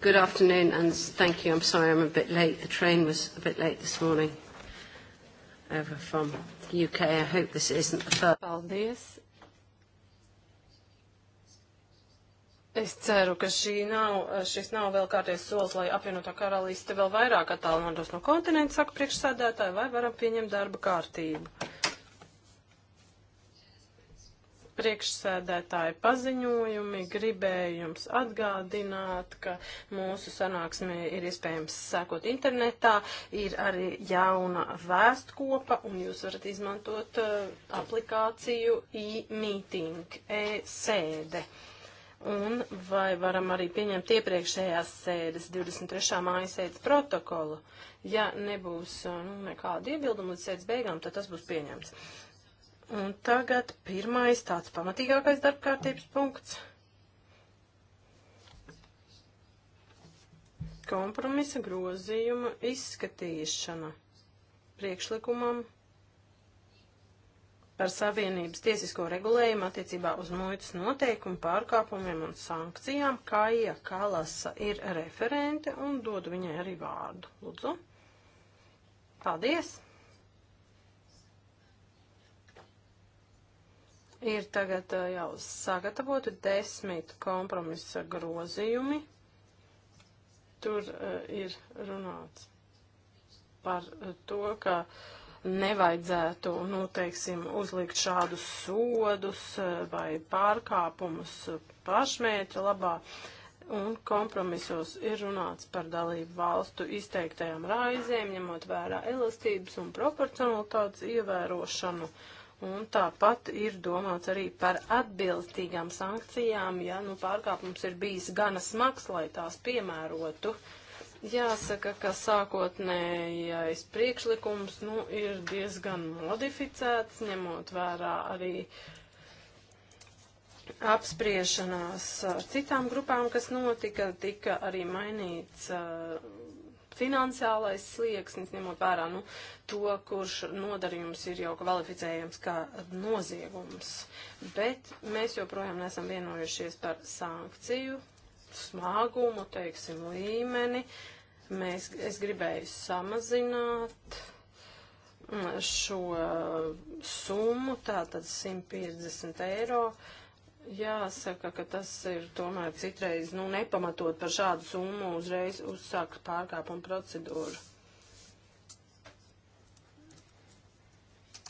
Good afternoon, and thank you. I'm sorry I'm a bit late. The train was a bit late this morning over from the UK. I hope this isn't the first. Paldies. Es ceru, ka šī nav, šis nav vēl kārties solis, lai apvienotā karalīste vēl vairāk attālinātos no kontinenta, saka priekšsēdētāji, vai varam pieņemt darba kārtību. priekšsēdētāja paziņojumi. Gribēju jums atgādināt, ka mūsu sanāksmē ir iespējams sekot internetā, ir arī jauna vēstkopa, un jūs varat izmantot uh, aplikāciju e-meeting, e-sēde. Un vai varam arī pieņemt iepriekšējās sēdes 23. māja sēdes protokolu? Ja nebūs uh, nu, nekāda iebilduma līdz sēdes beigām, tad tas būs pieņemts. Un tagad pirmais tāds pamatīgākais darbkārtības punkts. Kompromisa grozījuma izskatīšana priekšlikumam par Savienības tiesisko regulējumu attiecībā uz muitas noteikumu pārkāpumiem un sankcijām. Kaija Kalasa ir referente un dodu viņai arī vārdu. Lūdzu. Paldies! Ir tagad jau sagatavoti desmit kompromisa grozījumi. Tur ir runāts par to, ka nevajadzētu, nu, teiksim, uzlikt šādus sodus vai pārkāpumus pašmērķa labā. Un kompromisos ir runāts par dalību valstu izteiktajām raizēm, ņemot vērā elastības un proporcionalitātes ievērošanu. Uh, Un tāpat ir domāts arī par atbilstīgām sankcijām, ja nu, pārkāpums ir bijis gana smags, lai tās piemērotu. Jāsaka, ka sākotnējais priekšlikums nu, ir diezgan modificēts, ņemot vērā arī apspriešanās citām grupām, kas notika, tika arī mainīts uh, finansiālais slieksnis, ņemot vērā nu, to, kurš nodarījums ir jau kvalificējams kā noziegums. Bet mēs joprojām nesam vienojušies par sankciju smagumu, teiksim, līmeni. Mēs, es gribēju samazināt mm, šo uh, summu, tātad 150 eiro. Uh, jāsaka, ka tas ir tomēr citreiz, nu, nepamatot par šādu summu uzreiz uzsākt pārkāpumu procedūru.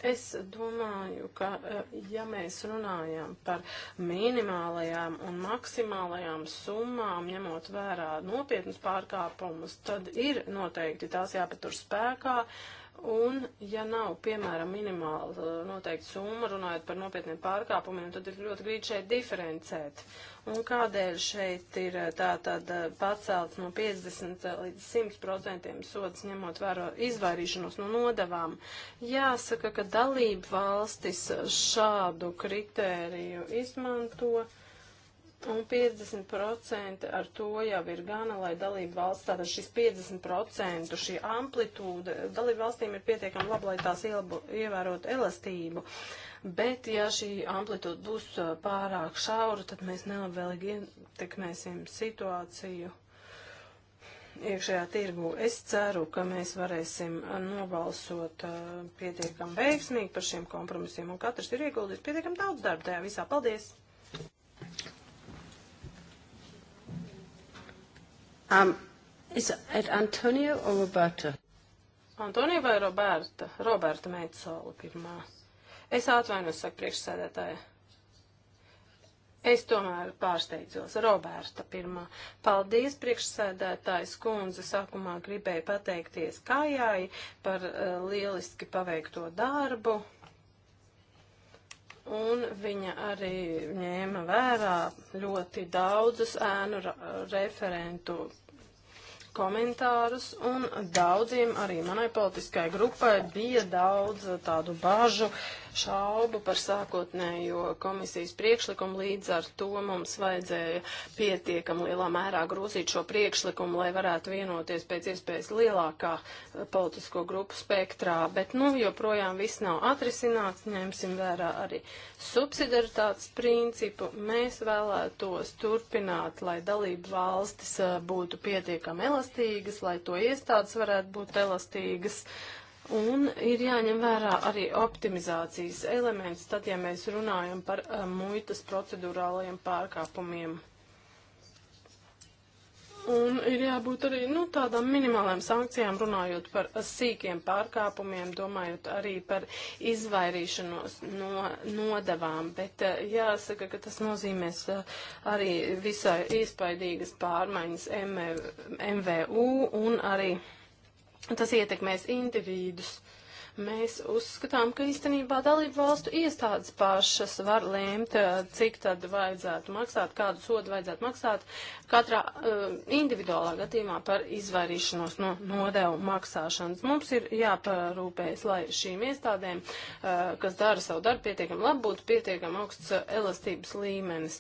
Es domāju, ka eh, ja mēs runājam par minimālajām un maksimālajām summām, ņemot vērā nopietnus pārkāpumus, tad ir noteikti tās jāpatur spēkā. Uh, Un, ja nav, piemēram, minimāla uh, noteikta summa, runājot par nopietniem pārkāpumiem, tad ir ļoti grūti šeit diferencēt. Un kādēļ šeit ir uh, tā tad uh, pacelts no 50 līdz 100 procentiem sods, ņemot vērā izvairīšanos no nodavām? Jāsaka, ka dalība valstis šādu kritēriju izmanto. Uh, Un 50% ar to jau ir gana, lai dalība valsts, tātad šis 50% šī amplitūda dalība valstīm ir pietiekami laba, lai tās ielbu, ievērot elastību. Bet, ja šī amplitūda būs pārāk šaura, tad mēs nelabvēlīgi ietekmēsim situāciju iekšējā tirgu. Es ceru, ka mēs varēsim nobalsot uh, pietiekam veiksmīgi par šiem kompromisiem, un katrs ir ieguldījis pietiekam daudz darba tajā visā. Paldies! Um, is it Antonio or Roberta? Antonio vai Roberta? Roberta Meitsola pirmā. Es atvainojos, saka priekšsēdētāja. Es tomēr pārsteidzos. Roberta pirmā. Paldies, priekšsēdētājs kundze. Sākumā gribēju pateikties Kājai par uh, lieliski paveikto darbu. Un viņa arī ņēma vērā ļoti daudzus ēnu referentu komentārus, un daudziem arī manai politiskai grupai bija daudz tādu bažu, uh, šaubu par sākotnējo komisijas priekšlikumu, līdz ar to mums vajadzēja pietiekam lielā mērā grūzīt šo priekšlikumu, lai varētu vienoties pēc iespējas lielākā eh, politisko grupu spektrā, bet nu joprojām viss nav atrisināts, ņemsim vērā arī subsidaritātes principu. Mēs vēlētos turpināt, lai dalību valstis eh, būtu pietiekam elastīgas, lai to iestādes varētu būt elastīgas. Uh, Un ir jāņem vērā arī optimizācijas elements, tad, ja mēs runājam par uh, muitas procedurālajiem pārkāpumiem. Un ir jābūt arī nu, tādām minimālām sankcijām, runājot par eh, sīkiem pārkāpumiem, domājot arī par izvairīšanos no nodevām. Bet eh, jāsaka, ka tas nozīmēs arī visai iespaidīgas pārmaiņas MVU un arī Tas ietekmēs individus. Mēs uzskatām, ka īstenībā dalību valstu iestādes pašas var lēmt, eh, cik tad vajadzētu maksāt, kādu sodu vajadzētu maksāt katrā uh, individuālā gadījumā par izvairīšanos no nodevu maksāšanas. Mums ir jāparūpējas, lai šīm iestādēm, uh, kas dara savu darbu pietiekam labi, būtu pietiekam augsts elastības līmenis.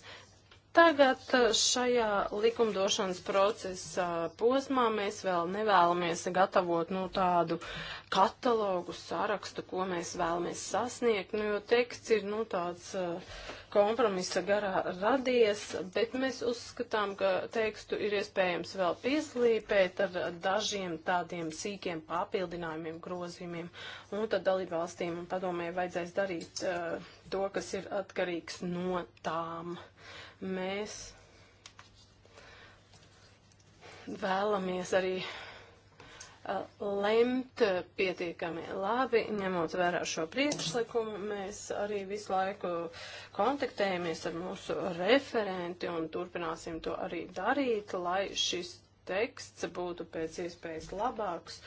Tagad eh, šajā likumdošanas procesa posmā mēs vēl nevēlamies gatavot nu, tādu katalogu sarakstu, ko mēs vēlamies sasniegt, nu, jo teksts ir nu, tāds eh, kompromisa garā radies, bet mēs uzskatām, ka tekstu ir iespējams vēl pieslīpēt ar dažiem tādiem sīkiem papildinājumiem, grozījumiem, un tad dalību valstīm un padomē vajadzēs darīt uh, to, kas ir atkarīgs no tām. Uh, Mēs vēlamies arī lemt pietiekami labi, ņemot vērā šo priekšlikumu. Mēs arī visu laiku kontaktējamies ar mūsu referenti un turpināsim to arī darīt, lai šis teksts būtu pēc iespējas labāks.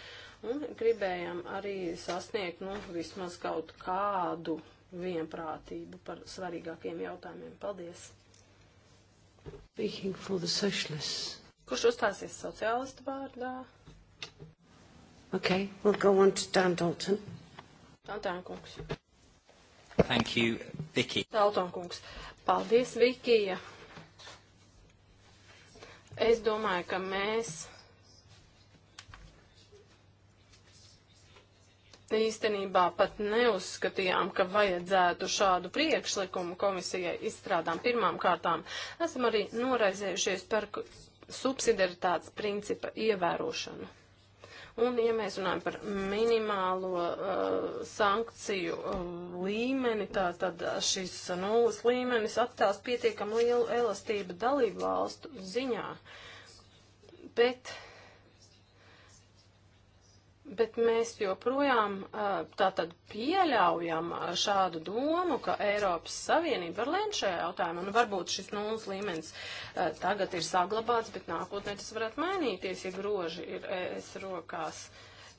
Un gribējām arī sasniegt nu, vismaz kaut kādu vienprātību par svarīgākiem jautājumiem. Paldies! Kurš uzstāsies sociālistu vārdā? Okay, we'll go on to Dan Dalton. Dalton kungs. Thank you, Vicky. Dalton kungs. Paldies, Vikija. Es domāju, ka mēs īstenībā pat neuzskatījām, ka vajadzētu šādu priekšlikumu komisijai izstrādām pirmām kārtām. Esam arī noraizējušies par subsidiaritātes principa ievērošanu. Un, ja mēs runājam par minimālo uh, sankciju uh, līmeni, tā, tad šis nulles līmenis atstās pietiekam lielu elastību dalību valstu ziņā. Bet uh, Bet mēs joprojām tātad pieļaujam šādu domu, ka Eiropas Savienība var lēmt šajā jautājumā. Nu, varbūt šis nulles līmenis tagad ir saglabāts, bet nākotnē tas varētu mainīties, ja groži ir ES rokās.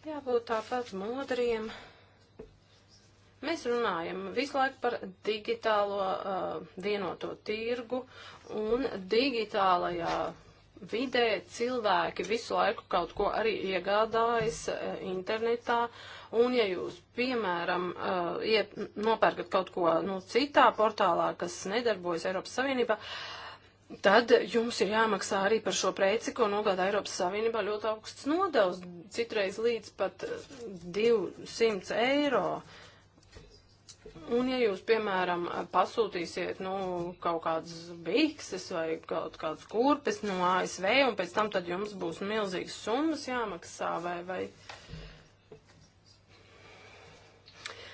Jābūt tāpat modriem. Mēs runājam visu laiku par digitālo uh, vienoto tirgu un digitālajā vidē cilvēki visu laiku kaut ko arī iegādājas eh, internetā, un ja jūs, piemēram, eh, iet, nopērkat kaut ko nu, citā portālā, kas nedarbojas Eiropas Savienībā, tad jums ir jāmaksā arī par šo preci, ko nogādā Eiropas Savienībā ļoti augsts nodevs, citreiz līdz pat 200 eh, eiro. Uh, Un ja jūs, piemēram, pasūtīsiet, nu, kaut kādas bikses vai kaut kādas kurpes no ASV, un pēc tam tad jums būs milzīgas summas jāmaksā vai, vai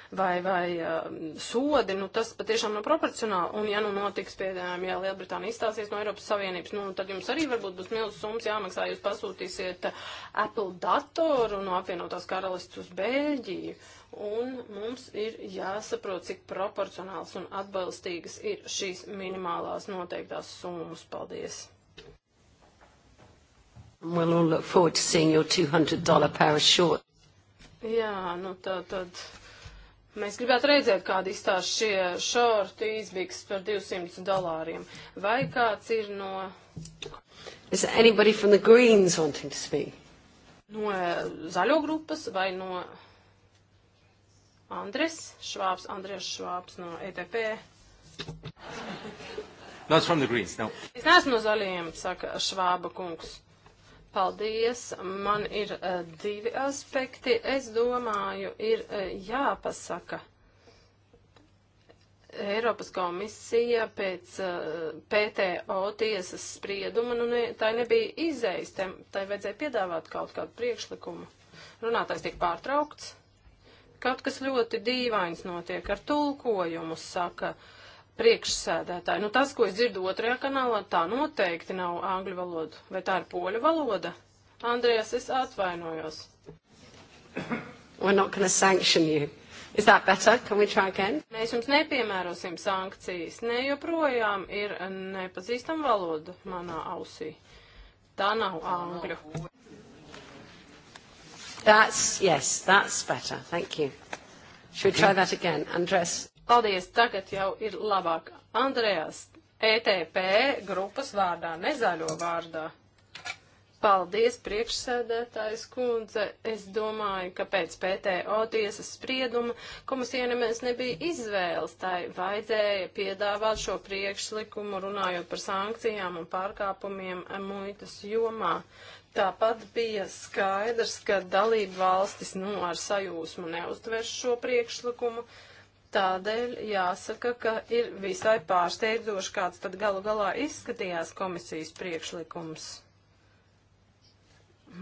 vai, vai uh, sodi, nu tas patiešām nav no proporcionāli. Un ja nu notiks, piemēram, ja Lielbritānija izstāsies no Eiropas Savienības, nu tad jums arī varbūt būs milzas summas jāmaksā, jūs pasūtīsiet uh, Apple datoru no apvienotās karalists uz Bēļģiju. Un mums ir jāsaprot, cik proporcionāls un atbalstīgas ir šīs minimālās noteiktās summas. Paldies! We'll all look forward to seeing your $200 power short. Jā, nu tā tad. tad Mēs gribētu redzēt, kāda izstās šie šorti izbiks par 200 dolāriem. Vai kāds ir no... Is there anybody from the Greens wanting to speak? No eh, zaļo grupas vai no Andres Švābs, Andres Švābs no ETP? Not from the Greens, no. Es neesmu no zaļiem, saka Švāba kungs. Paldies. Man ir uh, divi aspekti. Es domāju, ir uh, jāpasaka. Eiropas komisija pēc uh, eh, PTO tiesas sprieduma, nu, ne, tai nebija izējas, tai, tai vajadzēja piedāvāt kaut kādu priekšlikumu. Runātājs tiek pārtraukts. Kaut kas ļoti dīvains notiek ar tulkojumu, saka uh, priekšsēdētāji. Nu, tas, ko es dzirdu otrajā kanālā, tā noteikti nav angļu valoda. Vai tā ir poļu valoda? Andrijas, es atvainojos. We're not going to sanction you. Is that better? Can we try again? Mēs jums nepiemērosim sankcijas. Ne joprojām ir nepazīstam valoda manā ausī. Tā nav angļu. That's, yes, that's better. Thank you. Should we try that again? Andres? Paldies, tagad jau ir labāk. Andrejas, ETP grupas vārdā, nezaļo vārdā. Paldies, priekšsēdētājs kundze. Es domāju, ka pēc PTO tiesas sprieduma komisija nemēs nebija izvēles. Tai vajadzēja piedāvāt šo priekšlikumu runājot par sankcijām un pārkāpumiem muitas jomā. Tāpat bija skaidrs, ka dalība valstis nu ar sajūsmu neuztvers šo priekšlikumu. Uh, Tādēļ jāsaka, ka ir visai pārsteidzoši, kāds tad galu galā izskatījās komisijas priekšlikums.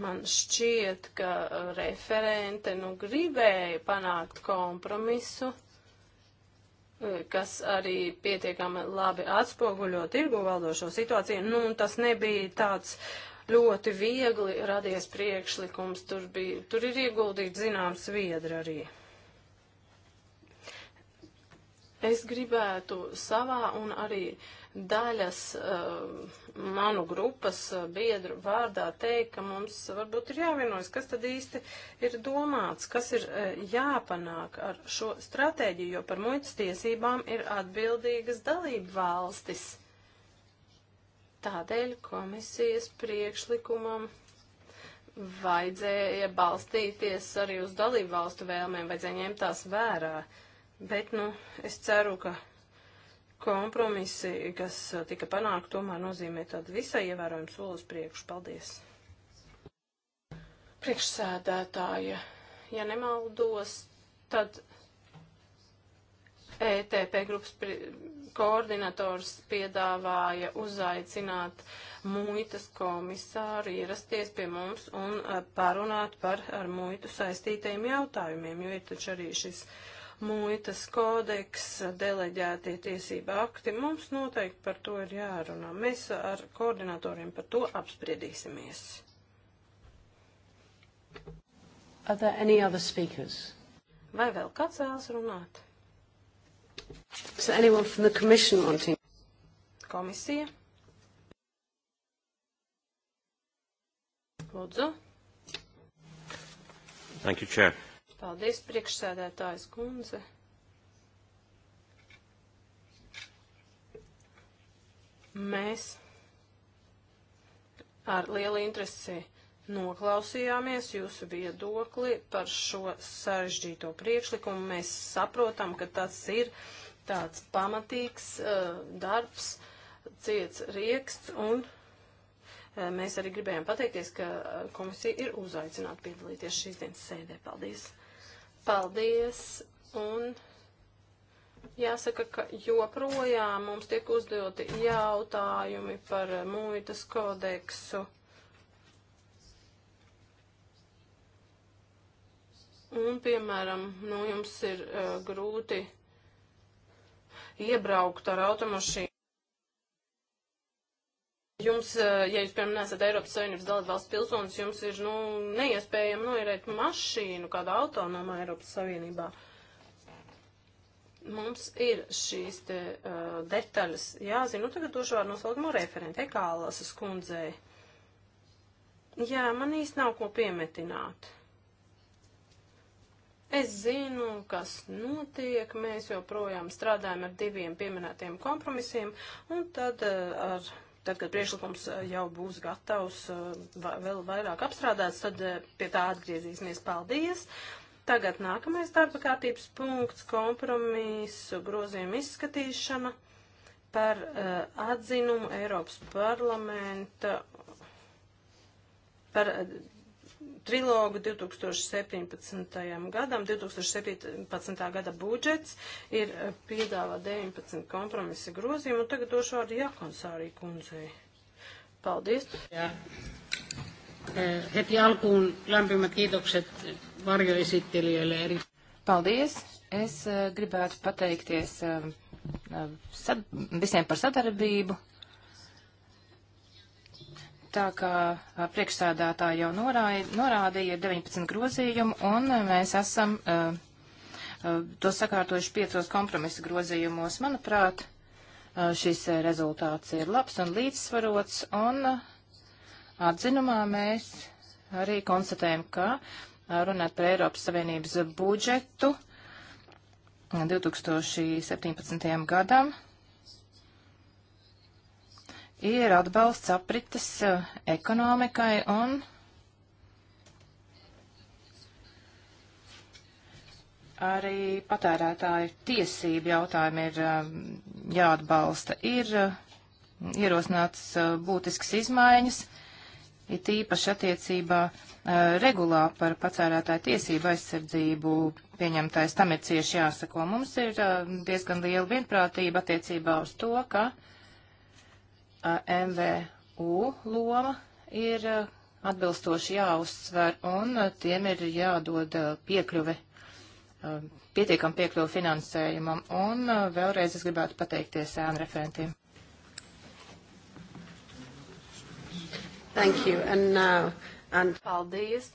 Man šķiet, ka referente nu gribēja panākt kompromisu, kas arī pietiekami labi atspoguļo tirgu valdošo situāciju. Nu, tas nebija tāds ļoti viegli radies priekšlikums, tur, bija, tur ir ieguldīts zināms viedri arī. Es gribētu savā un arī daļas uh, manu grupas eh, biedru vārdā teikt, ka mums varbūt ir jāvienojas, kas tad īsti ir domāts, kas ir uh, jāpanāk ar šo stratēģiju, jo par muitas tiesībām ir atbildīgas dalību valstis. Tādēļ komisijas priekšlikumam vajadzēja balstīties arī uz dalību valstu vēlmēm, vajadzēja ņemt tās vērā. Uh, Bet, nu, es ceru, ka kompromisi, kas uh, tika panākti, tomēr nozīmē tādu visai ievērojumu solis priekšu. Paldies! Priekšsēdētāja, ja nemaldos, tad ETP grupas koordinators piedāvāja uzaicināt muitas komisāru ierasties pie mums un uh, parunāt par ar muitu saistītajiem jautājumiem, jo ir taču arī šis uh, muitas kodeks, deleģētie tiesība akti. Mums noteikti par to ir jārunā. Mēs ar koordinatoriem par to apspriedīsimies. Are there any other speakers? Vai vēl kāds vēlas runāt? Is there anyone from the commission wanting? Komisija. Lūdzu. Thank you, Chair. Paldies, priekšsēdētājs kundze. Mēs ar lielu interesi noklausījāmies jūsu viedokli par šo sarežģīto priekšlikumu. Mēs saprotam, ka tas ir tāds pamatīgs uh, darbs, ciets rieksts, un uh, mēs arī gribējām pateikties, ka uh, komisija ir uzaicināta piedalīties šīs dienas sēdē. Paldies! Paldies! Un jāsaka, ka joprojām mums tiek uzdoti jautājumi par muitas kodeksu. Un, piemēram, nu, jums ir uh, grūti iebraukt ar automašīnu jums, eh, ja jūs, piemēram, nesat Eiropas Savienības dalībvalsts pilsonis, jums ir, nu, neiespējami noierēt mašīnu kādā autonomā Eiropas Savienībā. Mums ir šīs te uh, detaļas jāzina. Nu, tagad došu vārdu noslēgumu referentei Kālasas kundzei. Jā, man īsti nav ko piemetināt. Es zinu, kas notiek, mēs joprojām strādājam ar diviem pieminētiem kompromisiem, un tad eh, ar tad, kad priekšlikums eh, jau būs gatavs, eh, vēl vairāk apstrādāts, tad eh, pie tā atgriezīsimies. Paldies! Tagad nākamais darba kārtības punkts - kompromisu grozījuma izskatīšana par uh, atzinumu Eiropas parlamenta par uh, trilogu 2017. gadam. 2017. gada budžets ir eh, piedāvā 19 kompromisa grozījumu, un tagad došu vārdu Jakonsārī kundzei. Paldies! Jā. Eh, heti alkuun lämpimät kiitokset varjoesittelijöille eri. Paldies! Es eh, gribētu pateikties visiem par sadarbību tā kā priekšsādātā jau norādīja, ir 19 grozījumu, un mēs esam to sakārtojuši piecos kompromisa grozījumos. Manuprāt, šis rezultāts ir labs un līdzsvarots, un atzinumā mēs arī konstatējam, ka runāt par Eiropas Savienības budžetu 2017. gadam ir atbalsts aprites eh, ekonomikai un arī patērētāju tiesību jautājumi ir eh, jāatbalsta. Ir eh, ierosināts būtisks izmaiņas, ir tīpaši attiecībā regulā par patērētāju tiesību aizsardzību pieņemtais tam ir cieši jāsako. Mums ir diezgan liela vienprātība attiecībā uz to, ka uh, MVU loma ir uh, atbilstoši jāuzsver un uh, tiem ir jādod uh, piekļuve, pietiekam piekļuve finansējumam. Un vēlreiz es gribētu pateikties ēnu referentiem. Thank you. And now, and... Paldies.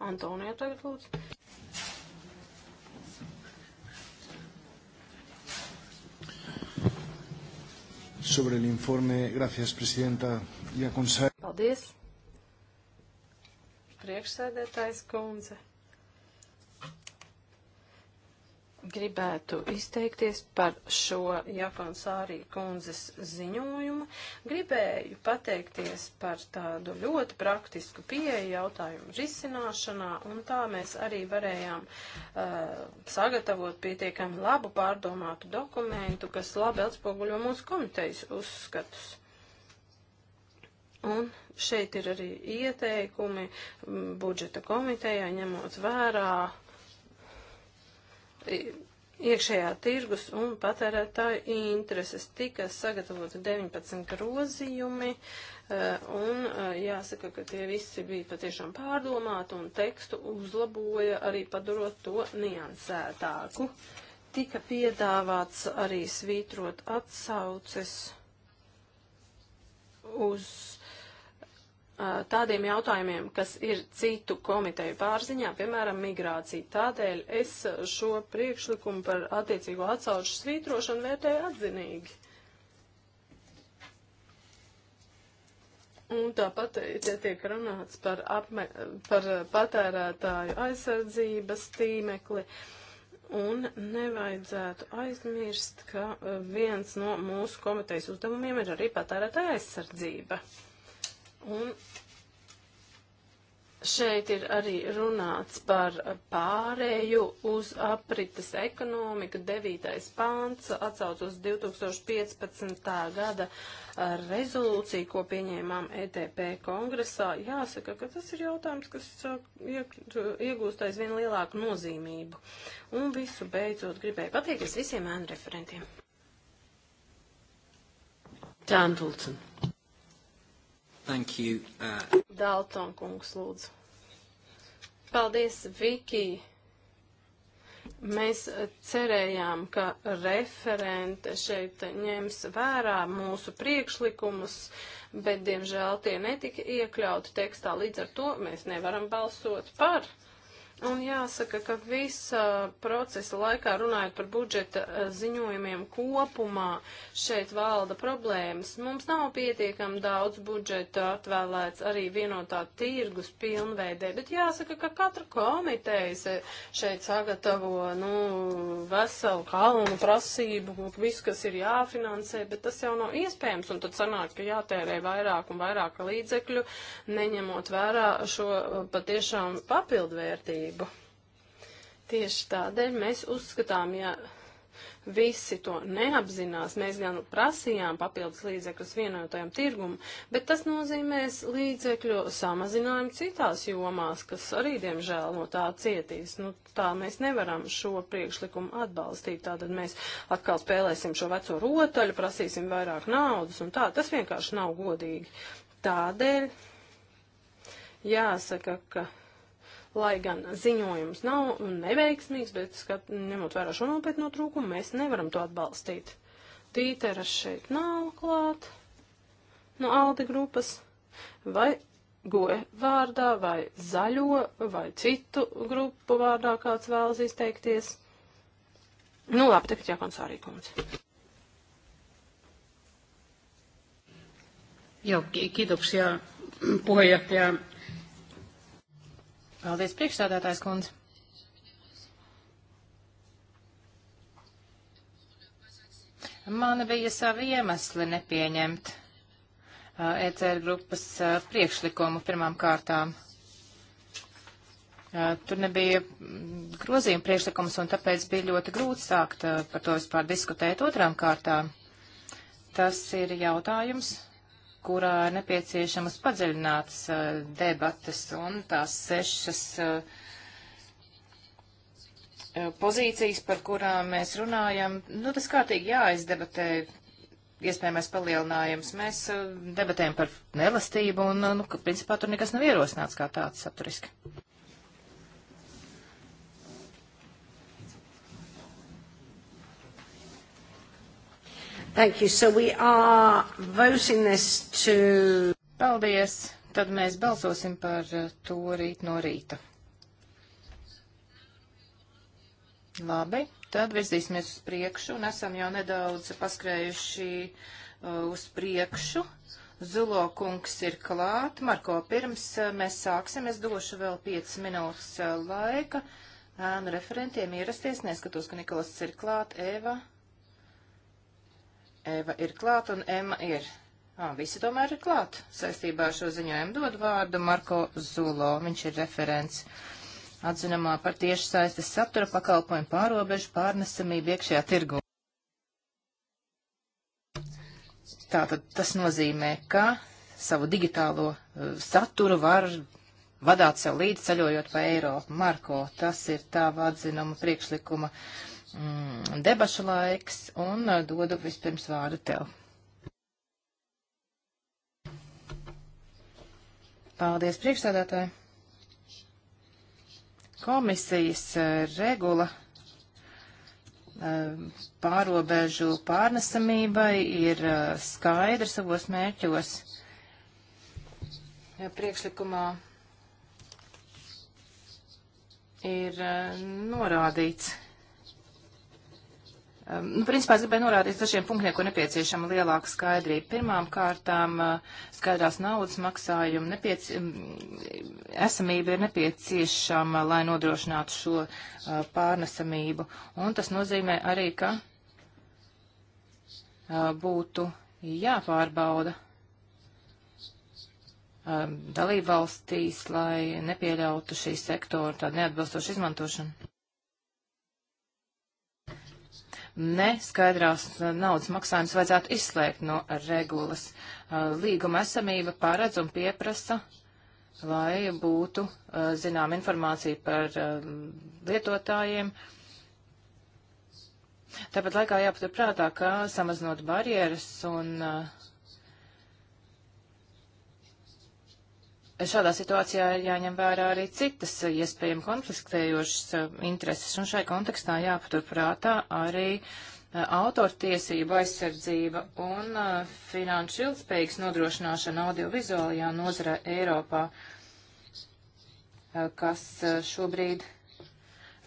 Antonija tagad lūdzu. sobre el informe. Gracias, presidenta. Ja, Paldies. Priekšsēdētājs kundze. gribētu izteikties par šo Japāns arī kundzes ziņojumu. Gribēju pateikties par tādu ļoti praktisku pieeju jautājumu risināšanā, un tā mēs arī varējām uh, sagatavot pietiekami labu pārdomātu dokumentu, kas labi atspoguļo mūsu komitejas uzskatus. Un šeit ir arī ieteikumi mm, budžeta komitejai, ņemot vērā iekšējā tirgus un patērētāju intereses. Tika sagatavoti 19 grozījumi, e, un e, jāsaka, ka tie visi bija patiešām pārdomāti, un tekstu uzlaboja arī padarot to niansētāku. Tika piedāvāts arī svītrot atsauces uz tādiem jautājumiem, kas ir citu komiteju pārziņā, piemēram, migrācija. Tādēļ es šo priekšlikumu par attiecīgo atsaušu svītrošanu vērtēju atzinīgi. Un tāpat ja tiek runāts par, apme, par patērētāju aizsardzības tīmekli. Un nevajadzētu aizmirst, ka viens no mūsu komitejas uzdevumiem ir arī patērētāja aizsardzība. Un Šeit ir arī runāts par pārēju uz aprites ekonomiku. 9. pāns atsauc uz 2015. gada rezolūciju, ko pieņēmām ETP kongresā. Jāsaka, ka tas ir jautājums, kas iegūst aizvien lielāku nozīmību. Un visu beidzot gribēju pateikties visiem ēnu referentiem. Tāntulcen. Thank you. Uh... Dalton kungs, lūdzu. Paldies, Viki. Mēs cerējām, ka referente šeit ņems vērā mūsu priekšlikumus, bet, diemžēl, tie netika iekļauti tekstā. Līdz ar to mēs nevaram balsot par. Uh, Un jāsaka, ka visa procesa laikā runājot par budžeta eh, ziņojumiem kopumā, šeit valda problēmas. Mums nav pietiekami daudz budžeta atvēlēts arī vienotā tirgus pilnveidē, bet jāsaka, ka katra komiteja šeit sagatavo, nu, veselu kalnu prasību, visu, kas ir jāfinansē, bet tas jau nav iespējams, un tad sanāk, ka jātērē vairāk un vairāk līdzekļu, neņemot vērā šo eh, patiešām papildvērtību atbildību. Tieši tādēļ mēs uzskatām, ja visi to neapzinās, mēs gan prasījām papildus līdzekļus vienotajam tirgumam, bet tas nozīmēs līdzekļu samazinājumu citās jomās, kas arī, diemžēl, no tā cietīs. Nu, tā mēs nevaram šo priekšlikumu atbalstīt, tātad mēs atkal spēlēsim šo veco rotaļu, prasīsim vairāk naudas un tā. Tas vienkārši nav godīgi. Tādēļ jāsaka, ka lai gan ziņojums nav neveiksmīgs, bet skat, ņemot vērā šo nopietno trūkumu, mēs nevaram to atbalstīt. Tīteras šeit nav klāt no Alde grupas, vai goja vārdā, vai zaļo, vai citu grupu vārdā kāds vēlas izteikties. Nu, labi, tagad jākonsārī kundze. Joo, kiitoksia puheenjohtaja. Paldies, priekšstādātājs kundze. Man bija savi iemesli nepieņemt uh, ECR grupas uh, priekšlikumu pirmām kārtām. Uh, tur nebija mm, grozījuma priekšlikums, un tāpēc bija ļoti grūti sākt uh, par to vispār diskutēt otrām kārtām. Tas ir jautājums, kurā ir nepieciešamas padziļinātas uh, eh, debatas un tās sešas uh, pozīcijas, par kurām mēs runājam, nu tas kārtīgi jāizdebatē, iespējamais palielinājums. Mēs uh, debatējam par nelastību un, nu, ka, principā tur nekas nav ierosināts kā tāds saturiski. Thank you. So we are voting this to... Paldies. Tad mēs balsosim par eh, to rīt no rīta. Labi, tad virzīsimies uz priekšu un esam jau nedaudz paskrējuši uh, uz priekšu. Zulo kungs ir klāt. Marko, pirms uh, mēs sāksim, es došu vēl 5 minūtes uh, laika ēnu referentiem ierasties. Neskatos, ka Nikolas ir klāt. Eva. Eva ir klāt un Emma ir. Ā, visi tomēr ir klāt. Saistībā ar šo ziņojumu dod vārdu Marko Zulo. Viņš ir referents atzinamā par tiešsaistes satura pakalpojumu pārobežu pārnesamību iekšējā tirgu. Tātad tas nozīmē, ka savu digitālo uh, saturu var vadāt sev līdzi ceļojot pa Eiropu. Marko, tas ir tā atzinuma priekšlikuma uh, mm, debašu laiks un uh, dodu vispirms vārdu tev. Paldies, priekšsēdētāji. Komisijas uh, regula uh, pārobežu pārnesamībai ir skaidra savos mērķos priekšlikumā ir norādīts, Um, nu, principā es gribēju norādīt dažiem punktiem, ko nepieciešama lielāka skaidrība. Pirmām kārtām uh, skaidrās naudas maksājuma nepiec... Um, esamība ir nepieciešama, lai nodrošinātu šo uh, pārnesamību. Un tas nozīmē arī, ka uh, būtu jāpārbauda um, dalībvalstīs, lai nepieļautu šī sektora tādu neatbilstošu izmantošanu neskaidrās uh, naudas maksājums vajadzētu izslēgt no regulas. Uh, līguma esamība paredz un pieprasa, lai būtu uh, zinām informācija par um, lietotājiem. Tāpat laikā jāpaturprātā, ka samazinot barjeras un uh, šādā situācijā ir jāņem vērā arī citas iespējami konfliktējošas eh, intereses, un šai kontekstā jāpatur prātā arī eh, autortiesība aizsardzība un eh, finanšu ilgspējīgas nodrošināšana audiovizuālajā nozarē Eiropā, kas šobrīd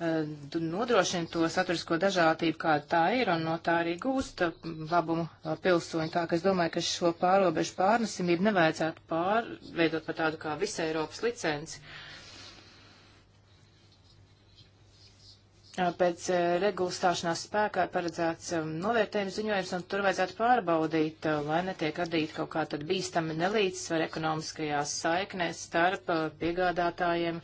Eh, nodrošina to saturisko dažādību, kāda tā ir, un no tā arī gūst eh, labumu eh, pilsoņi. Tā ka es domāju, ka šo pārobežu pārnesimību nevajadzētu pārveidot par tādu kā visa Eiropas licenci. Uh, pēc regulas stāšanās spēkā paredzēts novērtējums ziņojums, un tur vajadzētu pārbaudīt, lai netiek radīta kaut kā tad bīstami nelīdzsvar ekonomiskajās saiknēs starp piegādātājiem,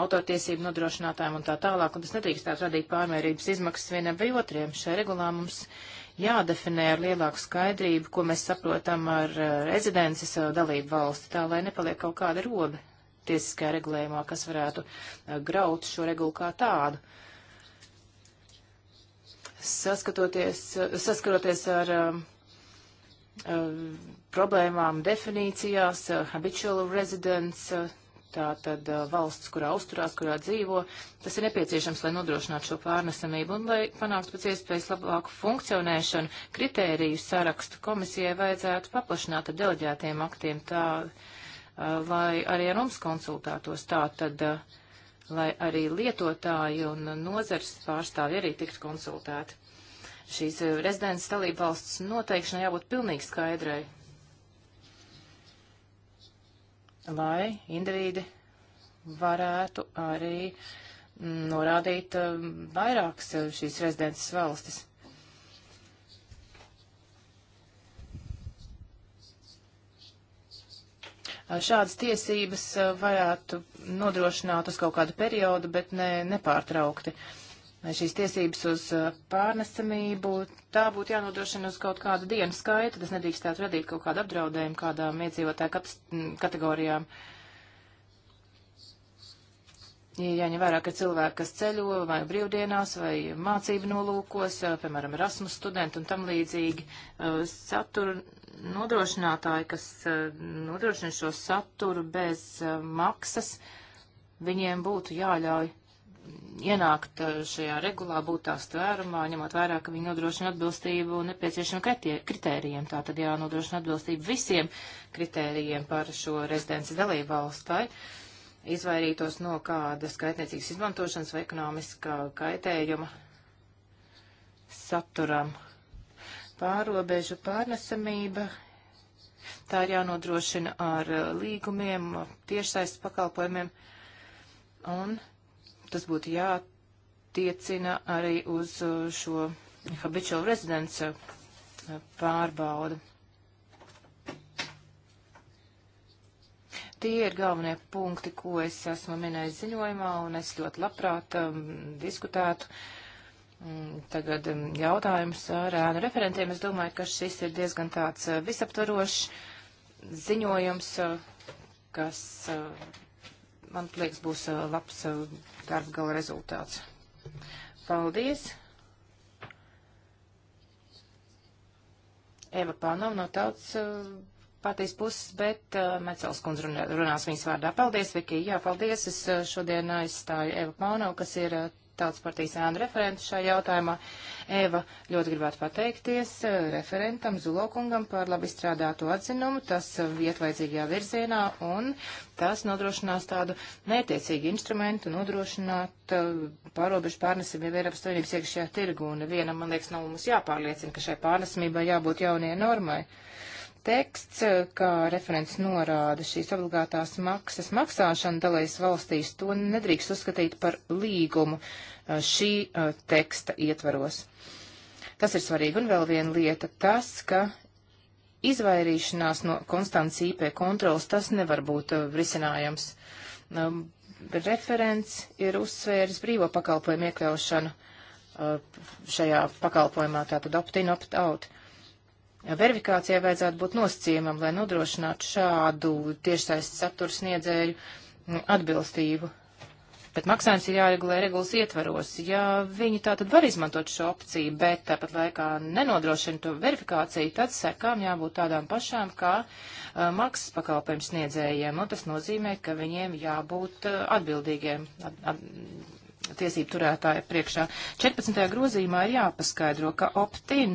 autortiesību nodrošinātājiem un tā tālāk, un tas nedrīkstētu radīt pārmērības izmaksas vienam vai otriem. Šai regulā mums jādefinē ar lielāku skaidrību, ko mēs saprotam ar rezidences dalību valsti, tā lai nepaliek kaut kāda robe tiesiskajā regulējumā, kas varētu graut šo regulu kā tādu. Uh, saskaroties ar uh, problēmām definīcijās, uh, habitual residents, uh, tātad uh, valsts, kurā uzturās, kurā dzīvo. Tas ir nepieciešams, lai nodrošinātu šo pārnesamību un lai panāktu pēc iespējas labāku funkcionēšanu. Kritēriju sarakstu komisijai vajadzētu paplašināt ar deleģētiem aktiem tā, uh, lai arī ar mums konsultētos. Tātad uh, lai arī lietotāji un nozars pārstāvi arī tiktu konsultēti. Šīs eh, rezidents dalība valsts noteikšanai jābūt pilnīgi skaidrai, lai individi varētu arī mm, norādīt eh, vairākas eh, šīs rezidences valstis. šādas tiesības varētu nodrošināt uz kaut kādu periodu, bet ne, nepārtraukti. Šīs tiesības uz pārnesamību, tā būtu jānodrošina uz kaut kādu dienu skaitu, tas nedrīkstētu radīt kaut kādu apdraudējumu kādām iedzīvotāju kategorijām. Ja jāņem vērā, ka cilvēki, kas ceļo vai brīvdienās vai mācību nolūkos, piemēram, Erasmus studenti un tam līdzīgi, satura nodrošinātāji, kas eh, nodrošina šo saturu bez eh, maksas, viņiem būtu jāļauj ienākt eh, šajā regulā, būt tās tvērumā, ņemot vērā, ka viņi nodrošina atbilstību nepieciešamiem kritērijiem. Tā tad jānodrošina atbilstību visiem kritērijiem par šo rezidenci dalību valstai, izvairītos no kāda skaitniecības izmantošanas vai ekonomiska kaitējuma saturam pārobežu pārnesamība. Tā ir jānodrošina ar uh, līgumiem, tiešsaistes pakalpojumiem, un tas būtu jātiecina arī uz uh, šo habitual residence uh, pārbaudu. Tie ir galvenie punkti, ko es esmu minējis ziņojumā, un es ļoti labprāt um, diskutētu uh, Mm, tagad mm, jautājums ar ēnu referentiem. Es domāju, ka šis ir diezgan tāds visaptvarošs ziņojums, kas, man liekas, būs labs darba gala rezultāts. Paldies! Eva Pānov no tautas patīs puses, bet uh, Mecels kundze runās viņas vārdā. Paldies, Viki. Jā, paldies. Es šodien aizstāju Eva Pānov, kas ir uh, tautas partijas ēnu referentu šajā jautājumā. Eva ļoti gribētu pateikties eh, referentam Zulokungam par labi strādāto atzinumu, tas eh, iet vajadzīgajā virzienā un tas nodrošinās tādu mētiecīgu instrumentu nodrošināt eh, pārobežu pārnesamību Eiropas Savienības iekšējā tirgu un vienam, man liekas, nav mums jāpārliecina, ka šai pārnesamībai jābūt jaunie normai. Uh, teksts, kā referents norāda, šīs obligātās maksas maksāšana dalais valstīs to nedrīkst uzskatīt par līgumu šī teksta ietvaros. Tas ir svarīgi. Un vēl viena lieta - tas, ka izvairīšanās no konstants IP kontrols tas nevar būt risinājums. Referents ir uzsvēris brīvo pakalpojumu iekļaušanu šajā pakalpojumā, tātad opt-in, opt-out. Opt verifikācijai vajadzētu būt nosacījumam, lai nodrošinātu šādu tiešsaistes saturu sniedzēju mm, atbilstību. Bet maksājums ir jāregulē regulas ietvaros. Ja viņi tā tad var izmantot šo opciju, bet tāpat laikā nenodrošina to verifikāciju, tad sekām jābūt tādām pašām kā uh, maksas pakalpojums sniedzējiem. Un tas nozīmē, ka viņiem jābūt uh, atbildīgiem. At, at, tiesību turētāja priekšā. 14. grozījumā ir jāpaskaidro, ka opt-in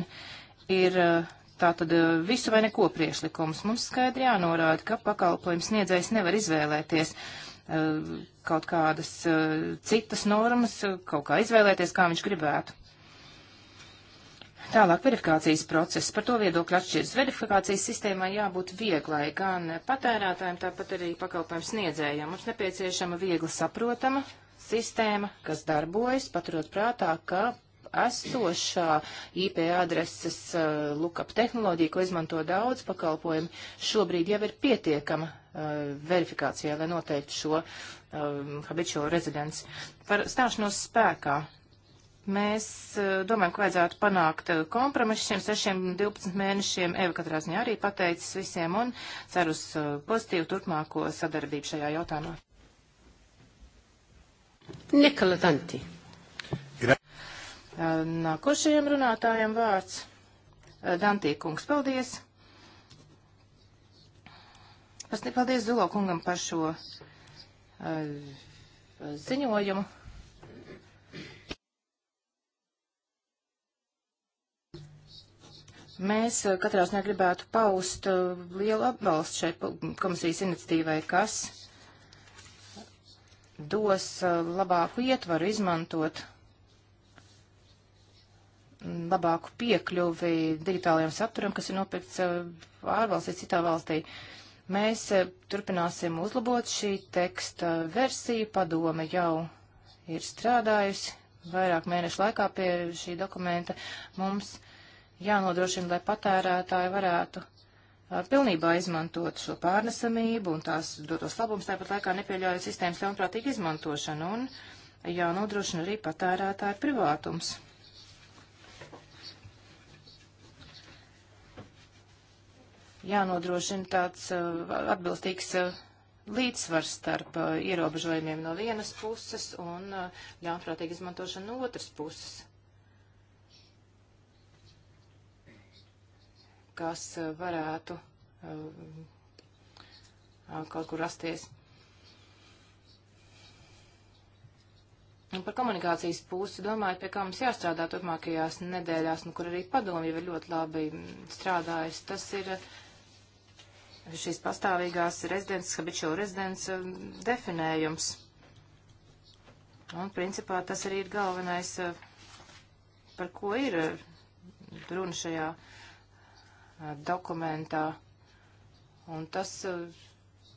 ir uh, tātad eh, visu vai neko priešlikums. Mums skaidri jānorāda, ka pakalpojums sniedzējs nevar izvēlēties eh, kaut kādas eh, citas normas, kaut kā izvēlēties, kā viņš gribētu. Tālāk verifikācijas process. Par to viedokļu atšķiras. Verifikācijas sistēmai jābūt vieglai gan patērētājiem, tāpat arī pakalpojumu sniedzējiem. Mums nepieciešama viegli saprotama sistēma, kas darbojas, paturot prātā, ka esošā IP adreses uh, lookup tehnoloģija, ko izmanto daudz pakalpojumi, šobrīd jau ir pietiekama uh, eh, verifikācijā, lai noteiktu šo um, eh, habitual residents. Par stāšanos spēkā. Mēs uh, domājam, ka vajadzētu panākt kompromisu šiem 6-12 mēnešiem. Eva katrā ziņā arī pateicis visiem un ceru uz pozitīvu turpmāko sadarbību šajā jautājumā. Nikola Tanti. Nākošajam runātājam vārds. Eh, Dantīkungs, paldies. Paldies Zulo kungam par šo eh, ziņojumu. Mēs eh, katrā ziņā gribētu paust lielu atbalstu šai komisijas iniciatīvai, kas dos labāku ietvaru izmantot labāku piekļuvi digitālajiem saturam, kas ir nopirkts eh, ārvalstī, citā valstī. Mēs eh, turpināsim uzlabot šī teksta versiju, padome jau ir strādājusi vairāk mēnešu laikā pie šī dokumenta. Mums jānodrošina, lai patērētāji varētu eh, pilnībā izmantot šo pārnesamību un tās dotos labums, tāpat laikā nepieļaujot sistēmas ļaunprātīgu izmantošanu un jānodrošina arī patērētāju privātums. jānodrošina tāds uh, atbilstīgs uh, līdzsvars starp uh, ierobežojumiem no vienas puses un ļaunprātīgu izmantošanu no otras puses. kas varētu kaut kur rasties. Un par komunikācijas pusi domāju, pie kā mums jāstrādā turpmākajās nedēļās, nu, kur arī padomi jau ir ļoti labi mm, strādājis. Tas ir šīs pastāvīgās rezidents, habitual rezidents um, definējums. Un, principā, tas arī ir galvenais, uh, par ko ir uh, runa šajā uh, dokumentā. Un tas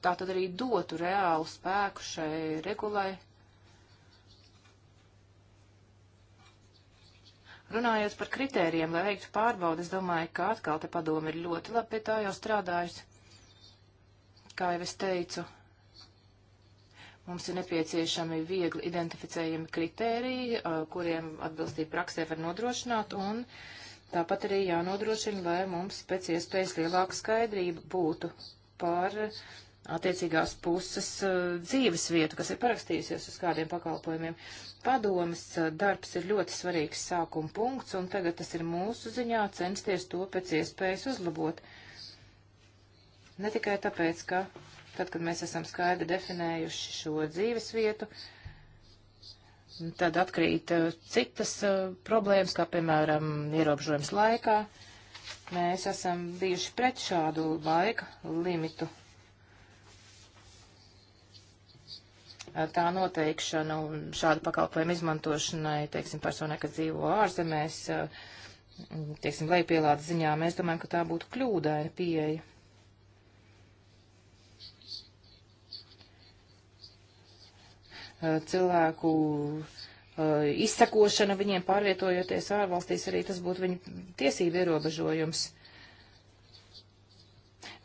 tā tad arī dotu reālu spēku šai regulai. Runājot par kritērijiem, lai veiktu pārbaudi, es domāju, ka atkal te padomi ir ļoti labi pie tā jau strādājusi. Kā jau es teicu, mums ir nepieciešami viegli identificējami kritēriji, kuriem atbilstība praksē var nodrošināt, un tāpat arī jānodrošina, lai mums pēc iespējas lielāka skaidrība būtu par attiecīgās puses dzīves vietu, kas ir parakstījusies uz kādiem pakalpojumiem. Padomas darbs ir ļoti svarīgs sākuma punkts, un tagad tas ir mūsu ziņā censties to pēc iespējas uzlabot. Uh, Ne tikai tāpēc, ka tad, kad mēs esam skaidri definējuši šo dzīves vietu, tad atkrīt eh, citas eh, problēmas, kā piemēram ierobežojums laikā. Mēs esam bijuši pret šādu laika limitu tā noteikšanu šādu pakalpojumu izmantošanai, teiksim, personai, kas dzīvo ārzemēs, eh, teiksim, lejpielādes ziņā, mēs domājam, ka tā būtu kļūdaina pieeja. Eh, cilvēku eh, izsakošana viņiem pārvietojoties ārvalstīs, arī tas būtu viņu tiesību ierobežojums.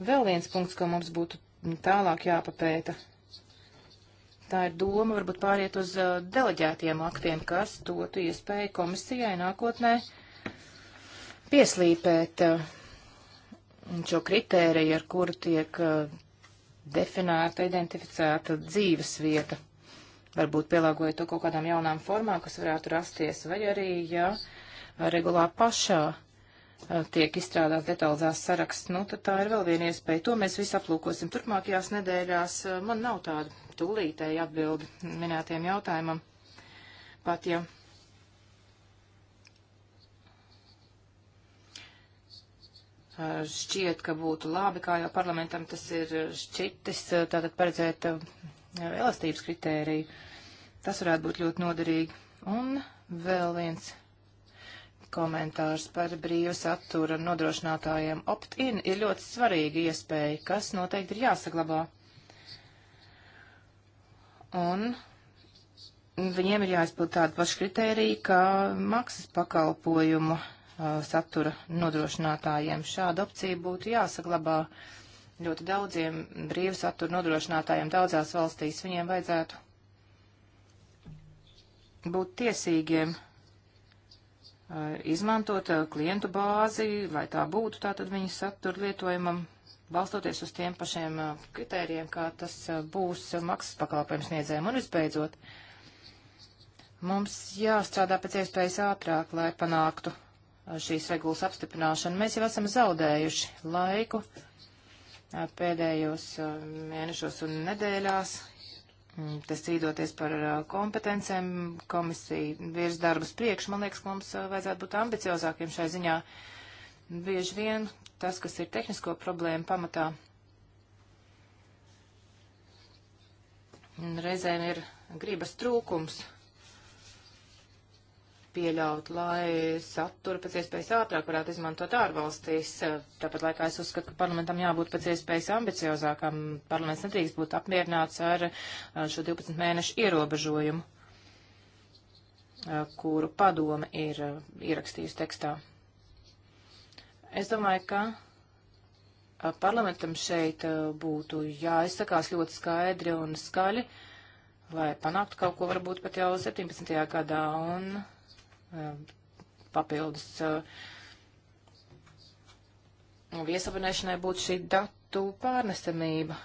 Vēl viens punkts, ko mums būtu tālāk jāpapēta. Tā ir doma varbūt pāriet uz uh, deleģētiem aktiem, kas dotu iespēju komisijai nākotnē pieslīpēt uh, šo kritēriju, ar kuru tiek uh, definēta, identificēta dzīves vieta varbūt pielāgojot to kaut kādām jaunām formām, kas varētu rasties, vai arī, ja regulā pašā tiek izstrādāts detalizēts saraksts, nu, tad tā ir vēl viena iespēja. To mēs visu aplūkosim turpmākajās nedēļās. Man nav tāda tūlītēja atbildi minētiem jautājumam. Pat ja šķiet, ka būtu labi, kā jau parlamentam tas ir šķitis, tātad paredzēt elastības kritēriju. Tas varētu būt ļoti noderīgi. Un vēl viens komentārs par brīvu satura nodrošinātājiem. Opt-in ir ļoti svarīga iespēja, kas noteikti ir jāsaglabā. Un viņiem ir jāizpild tāda paša kritērija, kā maksas pakalpojumu uh, satura nodrošinātājiem. Šāda opcija būtu jāsaglabā. Uh, ļoti daudziem brīvas aptur nodrošinātājiem daudzās valstīs. Viņiem vajadzētu būt tiesīgiem eh, izmantot eh, klientu bāzi, lai tā būtu tātad viņu satura lietojumam, balstoties uz tiem pašiem eh, kritērijiem, kā tas būs maksas pakalpojums sniedzējiem. Un visbeidzot, mums jāstrādā pēc iespējas ātrāk, lai panāktu šīs regulas apstiprināšanu. Mēs jau esam zaudējuši laiku. Uh, pēdējos mēnešos un nedēļās. Mm, tas cīdoties par kompetencēm, komisija virs darbus priekš, man liekas, ka mums vajadzētu būt ambiciozākiem šai ziņā. Bieži vien tas, kas ir tehnisko problēmu pamatā, reizēm ir gribas trūkums pieļaut, lai satura pēc iespējas ātrāk varētu izmantot ārvalstīs. Tāpat laikā es uzskatu, ka parlamentam jābūt pēc iespējas ambiciozākam. Parlaments nedrīkst būt apmierināts ar šo 12 mēnešu ierobežojumu, kuru padome ir ierakstījusi tekstā. Es domāju, ka parlamentam šeit būtu jāizsakās ļoti skaidri un skaļi, lai panāktu kaut ko varbūt pat jau 17. gadā. Un Um, papildus uh, viesabonēšanai būtu šī datu pārnesamība.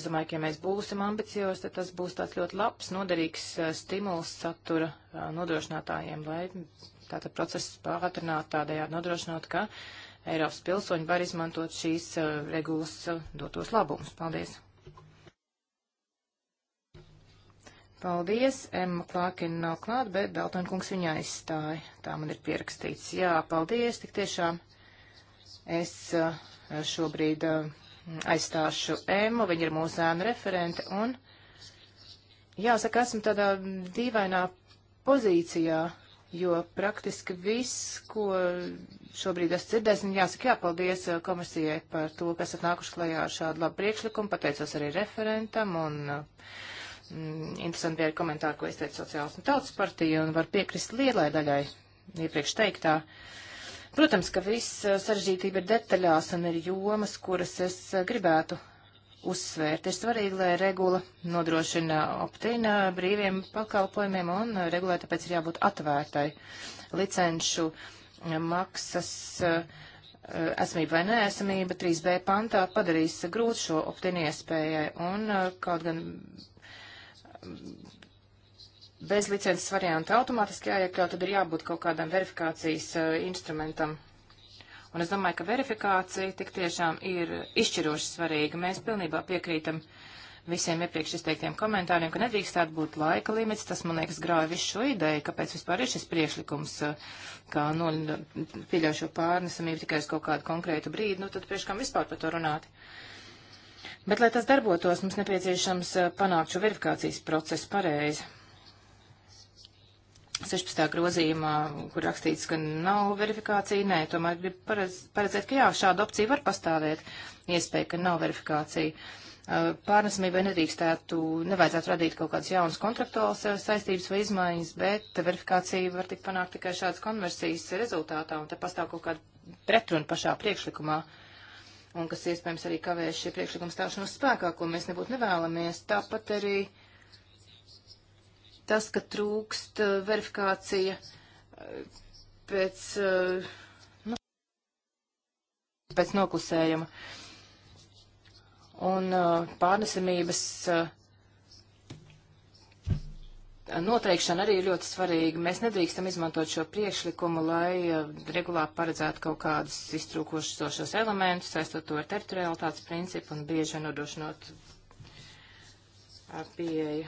Es domāju, ka ja mēs būsim ambiciozi, tad tas būs tāds ļoti labs, noderīgs uh, stimuls satura uh, nodrošinātājiem, lai tātad procesus pātrinātu tādējādi nodrošinot, ka Eiropas pilsoņi var izmantot šīs regulas dotos labumus. Paldies! Paldies, Emma Klākina nav klāt, bet Beltona kungs viņu aizstāja. Tā man ir pierakstīts. Jā, paldies, tik tiešām es eh, šobrīd eh, aizstāšu Emmu, viņa ir mūsu ēnu referente, un jāsaka, esmu tādā dīvainā pozīcijā, jo praktiski viss, ko šobrīd esmu dzirdējis, un jāsaka, jāpaldies eh, komisijai par to, kas atnākuši klajā ar šādu labu priekšlikumu, pateicos arī referentam, un uh, Mm, interesanti bija arī komentāri, ko izteica Sociālas un Tautas partija, un var piekrist lielai daļai iepriekš teiktā. Protams, ka viss uh, sarežģītība ir detaļās un ir jomas, kuras es uh, gribētu uzsvērt. Ir svarīgi, lai regula nodrošina optīna brīviem pakalpojumiem un uh, regulē tāpēc ir jābūt atvērtai licenšu maksas esamība vai neesamība 3b pantā padarīs grūti šo optīnu iespējai un kaut gan bez licences varianta automātiski jāiekļaut, tad ir jābūt kaut kādam verifikācijas uh, instrumentam. Un es domāju, ka verifikācija tik tiešām ir izšķiroši svarīga. Mēs pilnībā piekrītam visiem iepriekš izteiktiem komentāriem, ka nedrīkstētu būt laika limits. Tas, man liekas, grāja visu šo ideju, kāpēc vispār ir šis priekšlikums, kā no, pieļaušo pārnesamību tikai uz kaut kādu konkrētu brīdi. Nu, tad priekš kam vispār par to runāt? Uh, Bet, lai tas darbotos, mums nepieciešams eh, panākt šo verifikācijas procesu pareizi. 16. grozījumā, kur rakstīts, ka nav verifikācija, nē, tomēr grib paredz, paredzēt, ka jā, šāda opcija var pastāvēt, iespēja, ka nav verifikācija. Eh, pārnesamībai nedrīkstētu, nevajadzētu radīt kaut kādas jaunas kontraktuālas eh, saistības vai izmaiņas, bet verifikācija var tikt panākt tikai šādas konversijas rezultātā, un te pastāv kaut kāda pretruna pašā priekšlikumā. Uh, un kas iespējams arī kavēs šī priekšlikuma stāšanos spēkā, ko mēs nebūtu nevēlamies. Tāpat arī tas, ka trūkst uh, verifikācija uh, pēc, uh, nu, pēc noklusējuma un pārnesamības noteikšana arī ir ļoti svarīga. Mēs nedrīkstam izmantot šo priekšlikumu, lai eh, regulāri paredzētu kaut kādus iztrūkošos elementus, saistot to ar teritorialitātes principu un bieži nodošanot eh, pieeju.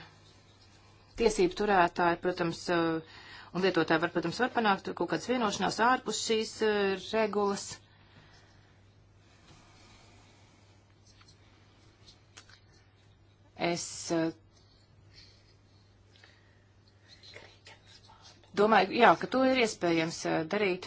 Tiesību turētāji, protams, eh, un lietotāji, var, protams, var panākt kaut kādas vienošanās ārpus šīs regulas. Es Domāju, jā, ka to ir iespējams eh, darīt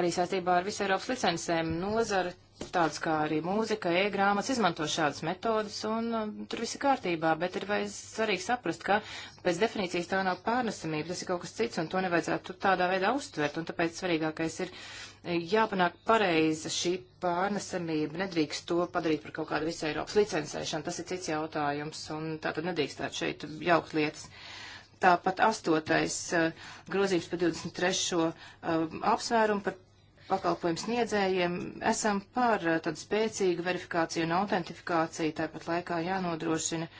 arī saistībā ar visu Eiropas licencēm nozara. Tāds kā arī mūzika, e-grāmatas izmanto šādas metodas, un um, tur viss ir kārtībā, bet ir svarīgi saprast, ka pēc definīcijas tā nav pārnesamība, tas ir kaut kas cits, un to nevajadzētu tādā veidā uztvert, un tāpēc svarīgākais ir eh, jāpanāk pareiza šī pārnesamība, nedrīkst to padarīt par kaut kādu visu Eiropas licencēšanu, tas ir cits jautājums, un tā tad nedrīkstētu šeit jaukt lietas. Uh, Tāpat astotais eh, grozījums par 23. Eh, apsvērumu par pakalpojumu sniedzējiem esam par eh, tādu spēcīgu verifikāciju un autentifikāciju, tāpat laikā jānodrošina,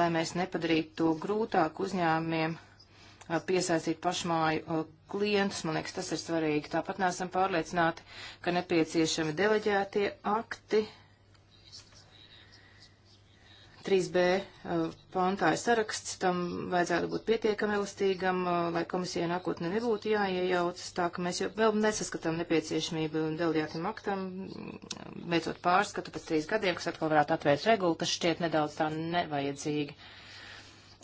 lai mēs nepadarītu to grūtāk uzņēmumiem piesaistīt pašmāju klientus. Man liekas, tas ir svarīgi. Tāpat neesam pārliecināti, ka nepieciešami deleģētie akti 3b uh, pantā ir saraksts, tam vajadzētu būt pietiekami elastīgam, uh, lai komisijai nākotnē nebūtu jāiejaucas, tā ka mēs jau vēl nesaskatām nepieciešamību delegātam aktam, mm, beidzot pārskatu pēc trīs gadiem, kas atkal varētu atvērt regulu, tas šķiet nedaudz tā nevajadzīgi. Uh,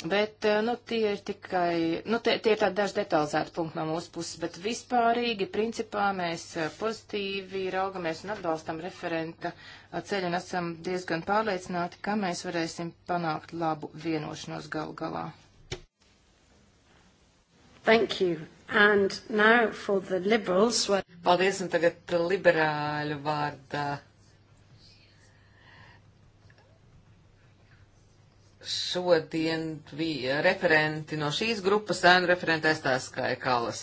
Bet, eh, nu, tie ir tikai, nu, tie, tie ir tādi daži detalizēti punkti no mūsu puses, bet vispārīgi, principā, mēs eh, pozitīvi raugamies un atbalstam referenta eh, ceļu un esam diezgan pārliecināti, ka mēs varēsim panākt labu vienošanos galu galā. Thank you. And now for the liberals. Paldies, un tagad liberāļu vārdā Šodien bija referenti no šīs grupas, ēnu referentēs tās kā Kalas.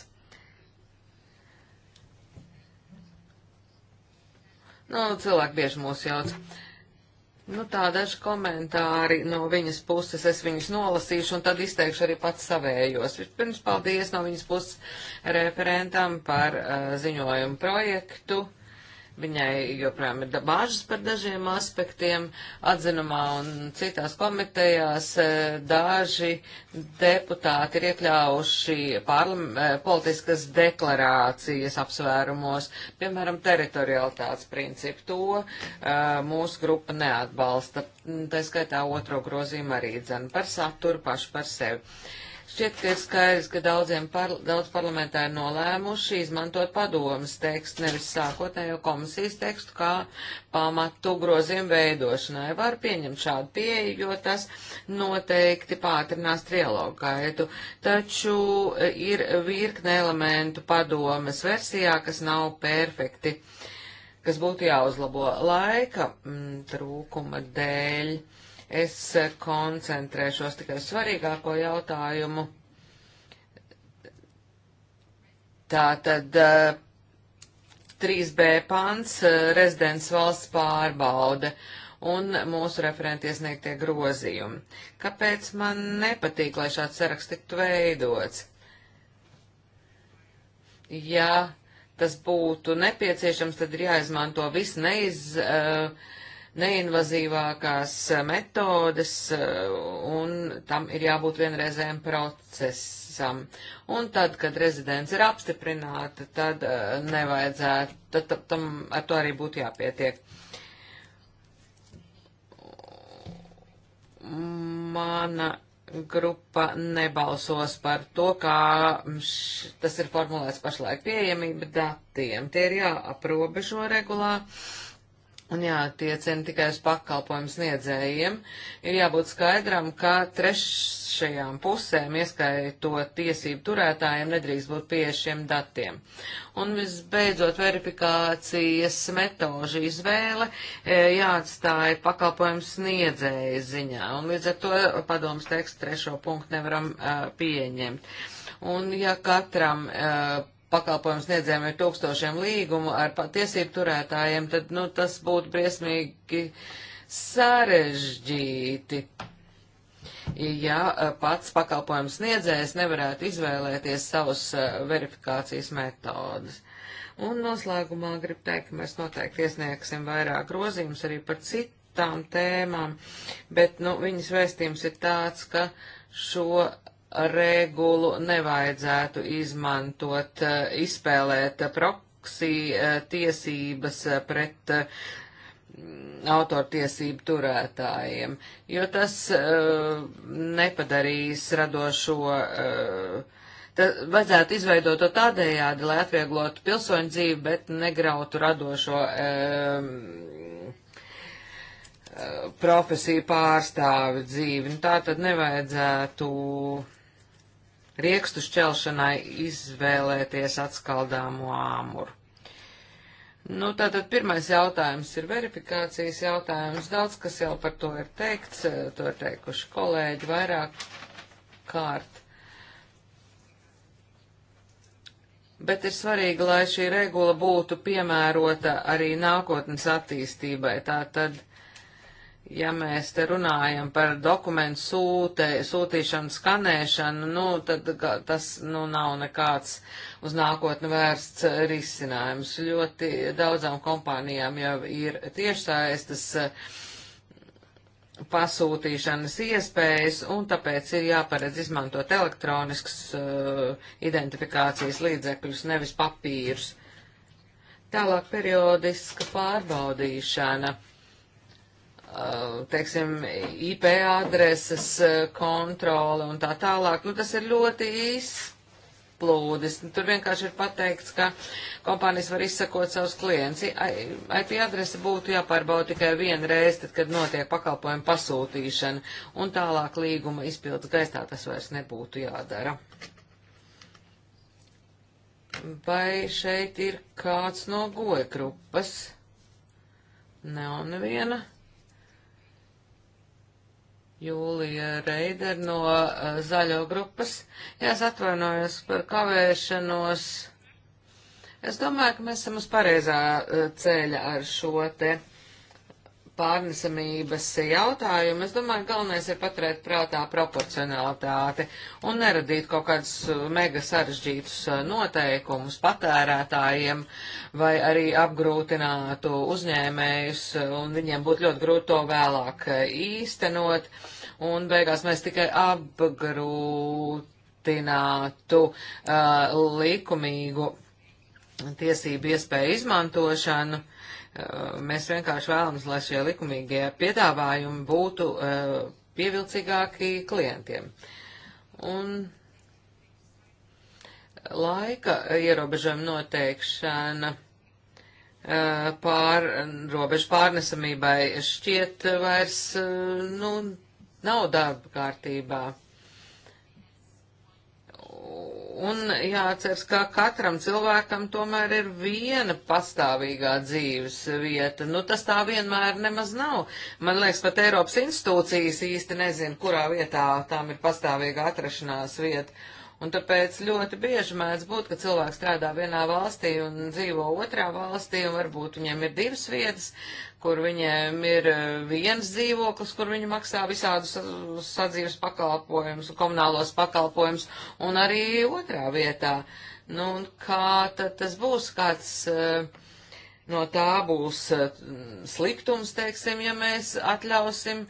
Nu, cilvēki bieži mūs jauc. Nu, tā daži komentāri no viņas puses, es viņus nolasīšu un tad izteikšu arī pats savējos. Vispirms paldies no viņas puses referentam par uh, ziņojumu projektu. Viņai joprojām ir bāžas par dažiem aspektiem. Atzinumā un citās komitejās e, daži deputāti ir iekļauši e, politiskas deklarācijas apsvērumos, piemēram, teritorialitātes principu. To uh, mūsu grupa neatbalsta. Tā skaitā otro grozījumu arī dzen par saturu pašu par sevi. Uh, Šķiet, ka ir skaidrs, ka daudziem par, daudz parlamentāri nolēmuši izmantot padomas tekstu, nevis sākotnējo komisijas tekstu, kā pamatu grozījumu veidošanai. Var pieņemt šādu pieeju, jo tas noteikti pātrinās trialogu gaitu, taču e, ir virkne elementu padomas versijā, kas nav perfekti kas būtu jāuzlabo laika m, mm, trūkuma dēļ. Uh, Es koncentrēšos tikai uz svarīgāko jautājumu. Tā tad 3b eh, pants eh, - rezidents valsts pārbaude un mūsu referenti iesniegtie grozījumi. Kāpēc man nepatīk, lai šāds saraksts tiktu veidots? Ja tas būtu nepieciešams, tad ir jāizmanto viss neiz, uh, neinvazīvākās metodes, eh, un tam ir jābūt vienreizējiem procesam. Un tad, kad rezidents ir apstiprināta, tad eh, nevajadzētu, tad tam ar to arī būtu jāpietiek. Mana grupa nebalsos par to, kā š, tas ir formulēts pašlaik pieejamība datiem. Tie ir jāaprobežo regulā. Uh, un jātiecina tikai uz pakalpojumu sniedzējiem, ir jābūt skaidram, ka trešajām pusēm, ieskaitot tiesību turētājiem, nedrīkst būt pieejamiem datiem. Un visbeidzot, verifikācijas metožu izvēle e, jāatstāja pakalpojumu sniedzēju ziņā, un līdz ar to padomas tekstu trešo punktu nevaram uh, pieņemt. Un ja katram uh, pakalpojumu sniedzējiem ir tūkstošiem līgumu ar tiesību turētājiem, tad, nu, tas būtu briesmīgi sarežģīti. Ja e, pats pakalpojums sniedzējs nevarētu izvēlēties savus e, verifikācijas metodus. Un noslēgumā gribu teikt, ka mēs noteikti iesniegsim vairāk grozījumus arī par citām tēmām, bet, nu, viņas vēstījums ir tāds, ka šo regulu nevajadzētu izmantot, eh, izspēlēt proksi eh, tiesības eh, pret autortiesību turētājiem, jo tas uh, nepadarīs radošo, uh, tas vajadzētu izveidot to tādējādi, lai atvieglotu pilsoņu dzīvi, bet negrautu radošo uh, profesiju pārstāvi dzīvi. Nu, tā tad nevajadzētu uh, riekstu šķelšanai izvēlēties atskaldāmo āmuru. Nu, tātad pirmais jautājums ir verifikācijas jautājums. Daudz, kas jau par to ir teikts, to ir teikuši kolēģi vairāk kārt. Bet ir svarīgi, lai šī regula būtu piemērota arī nākotnes attīstībai. Tātad ja mēs te runājam par dokumentu sūte, sūtīšanu, skanēšanu, nu, tad tas nu, nav nekāds uz nākotni vērsts risinājums. Ļoti daudzām kompānijām jau ir tiešsaistes pasūtīšanas iespējas, un tāpēc ir jāparedz izmantot elektroniskas uh, identifikācijas līdzekļus, nevis papīrus. Tālāk periodiska pārbaudīšana. Uh, Uh, teiksim, IP adreses uh, kontrole un tā tālāk, nu tas ir ļoti izplūdis. Tur vienkārši ir pateikts, ka kompānijas var izsakot savus klients. IP adrese būtu jāpārbauda tikai vienu reizi, tad, kad notiek pakalpojumu pasūtīšana, un tālāk līguma izpildes gaistā tas vairs nebūtu jādara. Vai šeit ir kāds no goja grupas? Nav neviena. Ne Jūlija Reider no uh, Zaļo grupas. Jā, es atvainojos par kavēšanos. Es domāju, ka mēs esam uz pareizā uh, ceļa ar šo te pārnesamības jautājumu, es domāju, galvenais ir paturēt prātā proporcionalitāti un neradīt kaut kādus uh, mega sarežģītus uh, noteikumus patērētājiem vai arī apgrūtinātu uzņēmējus uh, un viņiem būtu ļoti grūti to vēlāk īstenot un beigās mēs tikai apgrūtinātu uh, likumīgu tiesību iespēju izmantošanu. Uh, Eh, mēs vienkārši vēlamies, lai šie likumīgie piedāvājumi būtu eh, pievilcīgāki klientiem. Un laika ierobežojuma noteikšana eh, pār, robežu pārnesamībai šķiet vairs, nu, nav darba kārtībā. Un jāatceras, ka katram cilvēkam tomēr ir viena pastāvīgā dzīves vieta. Nu, tas tā vienmēr nemaz nav. Man liekas, pat Eiropas institūcijas īsti nezin, kurā vietā tām ir pastāvīga atrašanās vieta. Un tāpēc ļoti bieži mēdz būt, ka cilvēks strādā vienā valstī un dzīvo otrā valstī, un varbūt viņam ir divas vietas, kur viņiem ir eh, viens dzīvoklis, kur viņi maksā visādus sadzīves pakalpojumus, komunālos pakalpojumus, un arī otrā vietā. Nu, un kā tad tas būs, kāds eh, no tā būs eh, sliktums, teiksim, ja mēs atļausim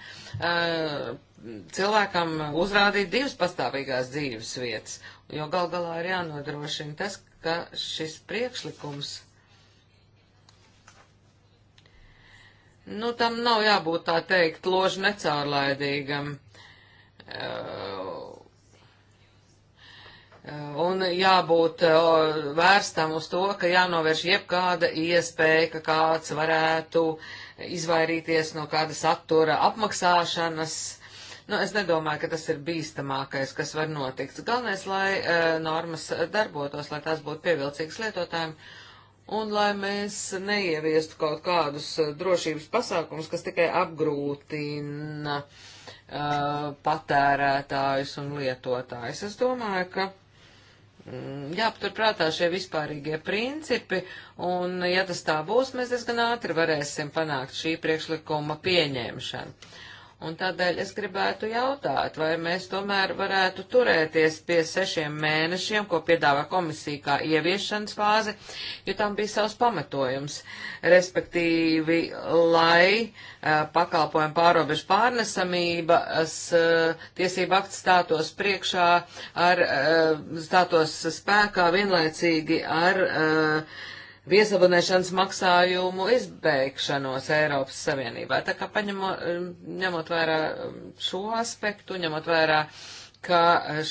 cilvēkam uzrādīt divas pastāvīgās dzīves vietas, jo gal galā ir jānodrošina tas, ka šis priekšlikums Nu, tam nav jābūt tā teikt loži necārlaidīgam. Eh, un jābūt eh, vērstam uz to, ka jānovērš jebkāda iespēja, ka kāds varētu izvairīties no kāda satura apmaksāšanas. Nu, es nedomāju, ka tas ir bīstamākais, kas var notikt. Galvenais, lai e, normas darbotos, lai tās būtu pievilcīgas lietotājiem un lai mēs neieviestu kaut kādus uh, drošības pasākumus, kas tikai apgrūtina uh, patērētājus un lietotājus. Es domāju, ka mm, jāpaturprātā šie vispārīgie principi, un ja tas tā būs, mēs diezgan ātri varēsim panākt šī priekšlikuma pieņemšanu. Un tādēļ es gribētu jautāt, vai mēs tomēr varētu turēties pie sešiem mēnešiem, ko piedāvā komisija kā ieviešanas fāzi, jo tam bija savs pamatojums. Respektīvi, lai uh, pakalpojumu pārobežu pārnesamības uh, eh, tiesība akts stātos priekšā ar, uh, stātos spēkā vienlaicīgi ar uh, viesabonēšanas maksājumu izbeigšanos Eiropas Savienībā. Tā kā paņemo, um, ņemot vērā um, šo aspektu, ņemot vērā, ka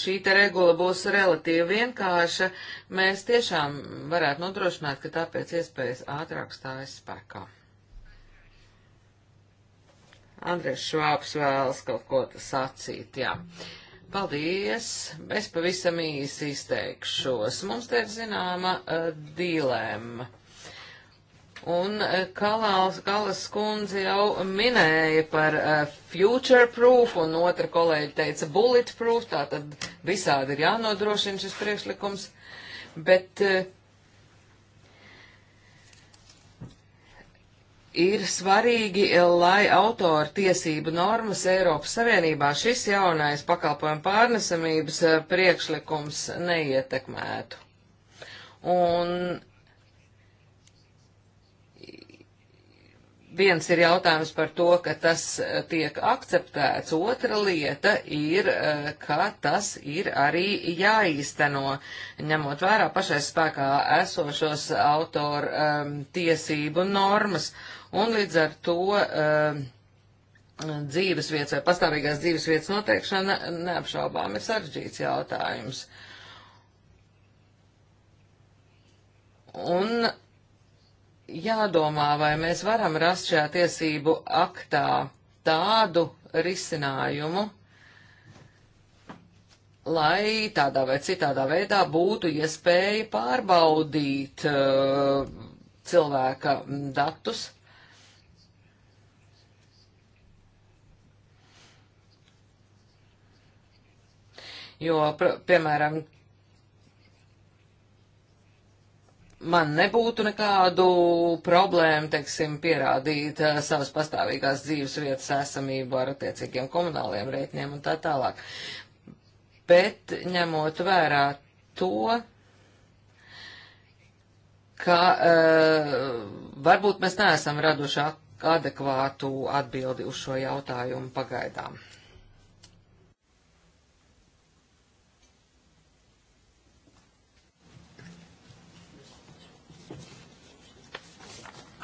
šī te regula būs relatīvi vienkārša, mēs tiešām varētu nodrošināt, ka tā pēc iespējas ātrāk stājas spēkā. Andrēs Švāps vēlas kaut ko sacīt, jā. Mm. Paldies! Es pavisam īsi izteikšos. Mums te ir zināma uh, dilemma. Un eh, Kalās, Kalas kundze jau minēja par uh, eh, future proof, un otra kolēģi teica bullet proof, tā tad visādi ir jānodrošina šis priekšlikums. Bet uh, ir svarīgi, lai autora tiesību normas Eiropas Savienībā šis jaunais pakalpojumu pārnesamības eh, priekšlikums neietekmētu. Un viens ir jautājums par to, ka tas eh, tiek akceptēts, otra lieta ir, eh, ka tas ir arī jāīsteno, ņemot vērā pašais spēkā esošos autoru um, ehm, tiesību normas, un līdz ar to um, dzīves vietas vai pastāvīgās dzīves vietas noteikšana neapšaubām ir sarežģīts jautājums. Un jādomā, vai mēs varam rast šajā tiesību aktā tādu risinājumu, lai tādā vai citādā veidā būtu iespēja pārbaudīt uh, cilvēka datus. Jo, pr piemēram, man nebūtu nekādu problēmu, teiksim, pierādīt uh, savas pastāvīgās dzīves vietas esamību ar attiecīgiem komunāliem rēķiniem un tā tālāk. Bet ņemot vērā to, ka uh, varbūt mēs neesam raduši adekvātu atbildi uz šo jautājumu pagaidām.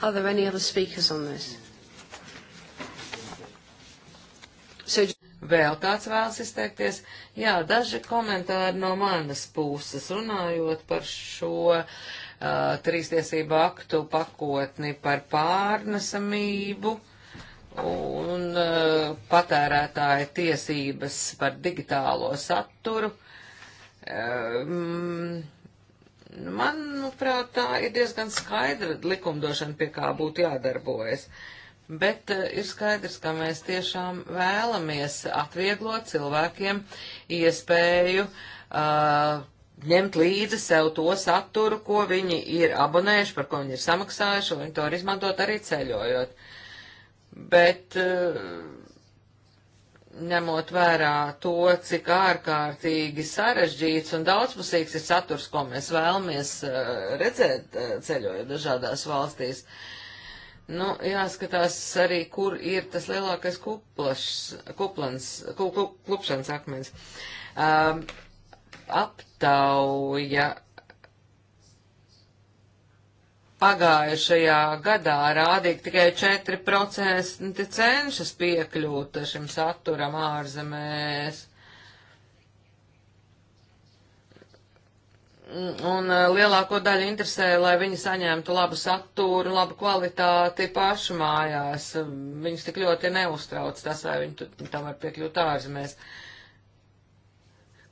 Are there any other speakers on this? So, Vēl kāds vēlas izteikties? Jā, daži komentāri no manas puses runājot par šo uh, trīstiesību aktu pakotni par pārnesamību un uh, patērētāja tiesības par digitālo saturu. Um, Manuprāt, tā ir diezgan skaidra likumdošana, pie kā būtu jādarbojas. Bet eh, ir skaidrs, ka mēs tiešām vēlamies atvieglot cilvēkiem iespēju uh, ņemt līdzi sev to saturu, ko viņi ir abonējuši, par ko viņi ir samaksājuši, un viņi to var izmantot arī ceļojot. Bet uh, ņemot vērā to, cik ārkārtīgi sarežģīts un daudzpusīgs ir saturs, ko mēs vēlamies eh, redzēt eh, ceļojot dažādās valstīs. Nu, jāskatās arī, kur ir tas lielākais kuplašs, kuplans, ku, ku, klupšanas akmens. Um, aptauja pagājušajā gadā rādīja tikai 4% cenšas piekļūt šim saturam ārzemēs. Un e, lielāko daļu interesē, lai viņi saņemtu labu saturu, labu kvalitāti pašu mājās. Viņus tik ļoti neuztrauc tas, vai viņi tam var piekļūt ārzemēs. Uh,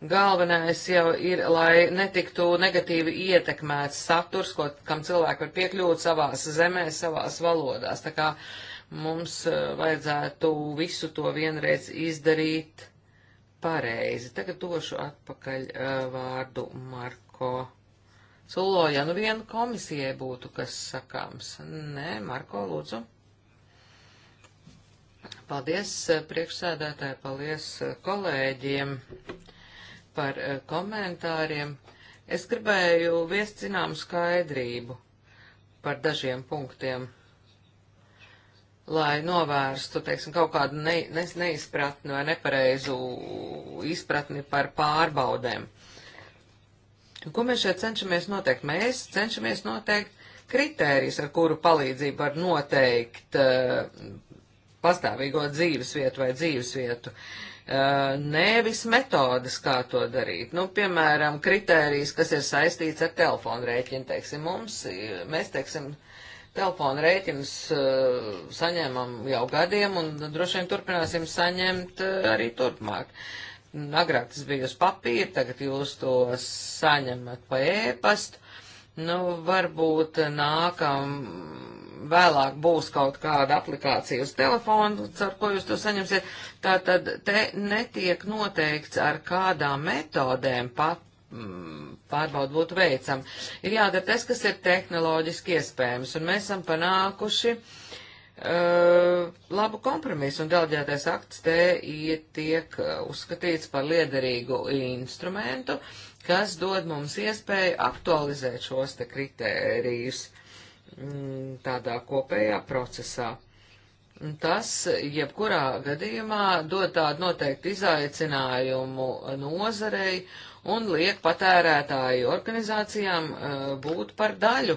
Galvenais jau ir, lai netiktu negatīvi ietekmēts saturs, ko, kam cilvēki var piekļūt savās zemēs, savās valodās. Tā kā mums eh, vajadzētu visu to vienreiz izdarīt pareizi. Tagad došu atpakaļ uh, vārdu Marko. Sulo, ja nu viena komisijai būtu, kas sakāms. Nē, Marko, lūdzu. Paldies eh, priekšsēdētāji, paldies kolēģiem par eh, komentāriem. Es gribēju viest zināmu skaidrību par dažiem punktiem, lai novērstu, teiksim, kaut kādu ne, ne, neizpratni vai nepareizu izpratni par pārbaudēm. Ko mēs šeit cenšamies noteikt? Mēs cenšamies noteikt kritērijus, ar kuru palīdzību var noteikt uh, pastāvīgo dzīvesvietu vai dzīvesvietu. Uh, Eh, nevis metodas, kā to darīt. Nu, piemēram, kritērijas, kas ir saistīts ar telefonu rēķinu, teiksim, mums, eh, mēs, teiksim, telefonu rēķinus eh, saņemam jau gadiem un droši vien turpināsim saņemt arī turpmāk. Agrāk tas bija uz papīra, tagad jūs to saņemat pa ēpastu. Nu, varbūt nākam vēlāk būs kaut kāda aplikācija uz telefonu, ar ko jūs to saņemsiet. Tātad te netiek noteikts, ar kādām metodēm pat mm, pārbaudu būtu veicam. Ir jādara tas, kas ir tehnoloģiski iespējams, un mēs esam panākuši uh, labu kompromisu, un delģētais akts te tiek uh, uzskatīts par liederīgu instrumentu, kas dod mums iespēju aktualizēt šos te kritērijus. Uh, Mm, tādā kopējā procesā. Tas, jebkurā gadījumā, dod tādu noteiktu izaicinājumu nozarei un liek patērētāju organizācijām eh, būt par daļu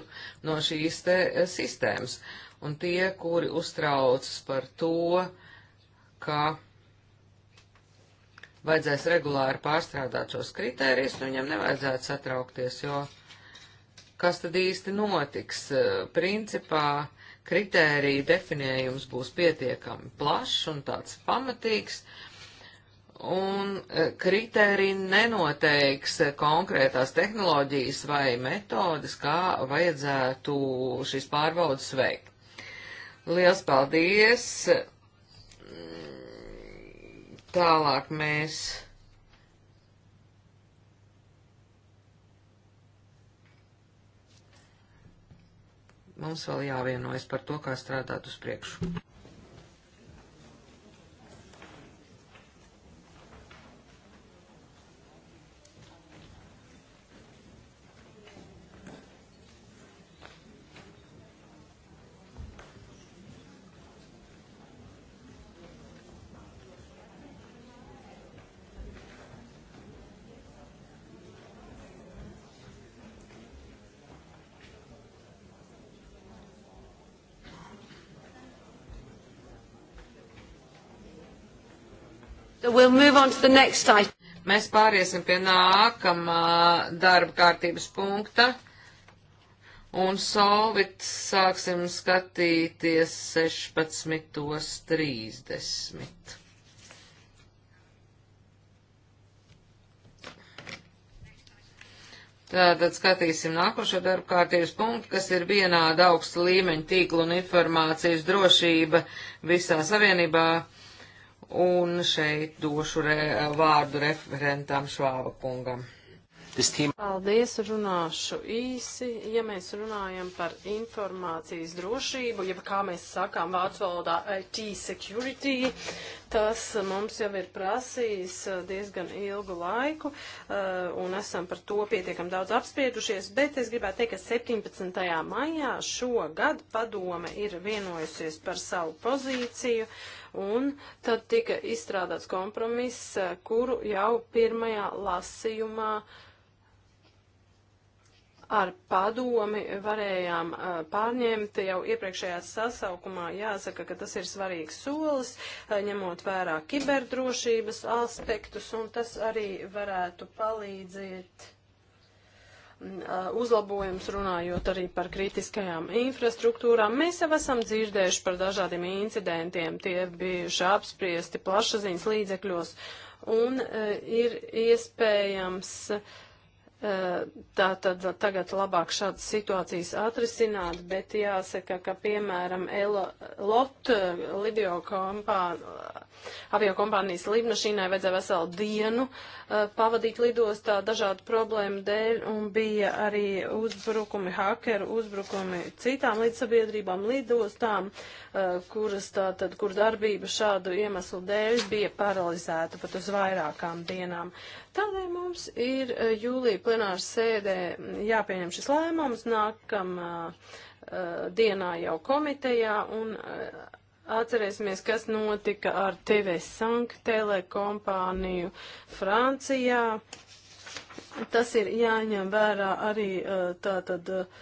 no šīs te eh, sistēmas. Un tie, kuri uztraucas par to, ka vajadzēs regulāri pārstrādāt šos kritērijus, nu viņam nevajadzētu satraukties, jo. Uh, kas tad īsti notiks. Eh, principā kritērija definējums būs pietiekami plašs un tāds pamatīgs, un eh, kritērija nenoteiks eh, konkrētās tehnoloģijas vai metodas, kā vajadzētu šīs pārbaudas veikt. Liels paldies! Mm, Tālāk mēs mums vēl jāvienojas par to, kā strādāt uz priekšu. We'll Mēs pāriesim pie nākamā darba kārtības punkta. Un solvit sāksim skatīties 16.30. Tātad skatīsim nākošo darbu kārtības punktu, kas ir vienāda augsta līmeņa tīkla un informācijas drošība visā savienībā Un šeit došu re, vārdu referentam Švāba kungam. Paldies, runāšu īsi. Ja mēs runājam par informācijas drošību, ja kā mēs sakām vācu valodā IT security, tas mums jau ir prasījis uh, diezgan ilgu laiku uh, un esam par to pietiekam daudz apspriedušies, bet es gribētu teikt, ka 17. maijā šogad padome ir vienojusies par savu pozīciju Un tad tika izstrādāts kompromiss, eh, kuru jau pirmajā lasījumā ar padomi varējām eh, pārņemt jau iepriekšējā sasaukumā. Jāsaka, ka tas ir svarīgs solis, eh, ņemot vērā kiberdrošības aspektus, un tas arī varētu palīdzēt Uh, uzlabojums, runājot arī par kritiskajām infrastruktūrām. Mēs jau esam dzirdējuši par dažādiem incidentiem, tie bijuši apspriesti plašsaziņas līdzekļos, un uh, ir iespējams uh, Tā tad tagad labāk šādas situācijas atrisināt, bet jāsaka, ka piemēram LOT eh, aviokompānijas lidmašīnai vajadzēja veselu dienu eh, pavadīt lidostā dažādu problēmu dēļ un bija arī uzbrukumi hakeru, uzbrukumi citām līdzsabiedrībām lidostām, eh, kuras tātad, kur darbība šādu iemeslu dēļ bija paralizēta pat uz vairākām dienām. Tādēļ mums ir eh, jūlija plenāra sēdē jāpieņem šis lēmums nākamā uh, eh, eh, dienā jau komitejā un uh, atcerēsimies, kas notika ar TV Sank telekompāniju Francijā. Tas ir jāņem vērā arī uh, tātad. Uh,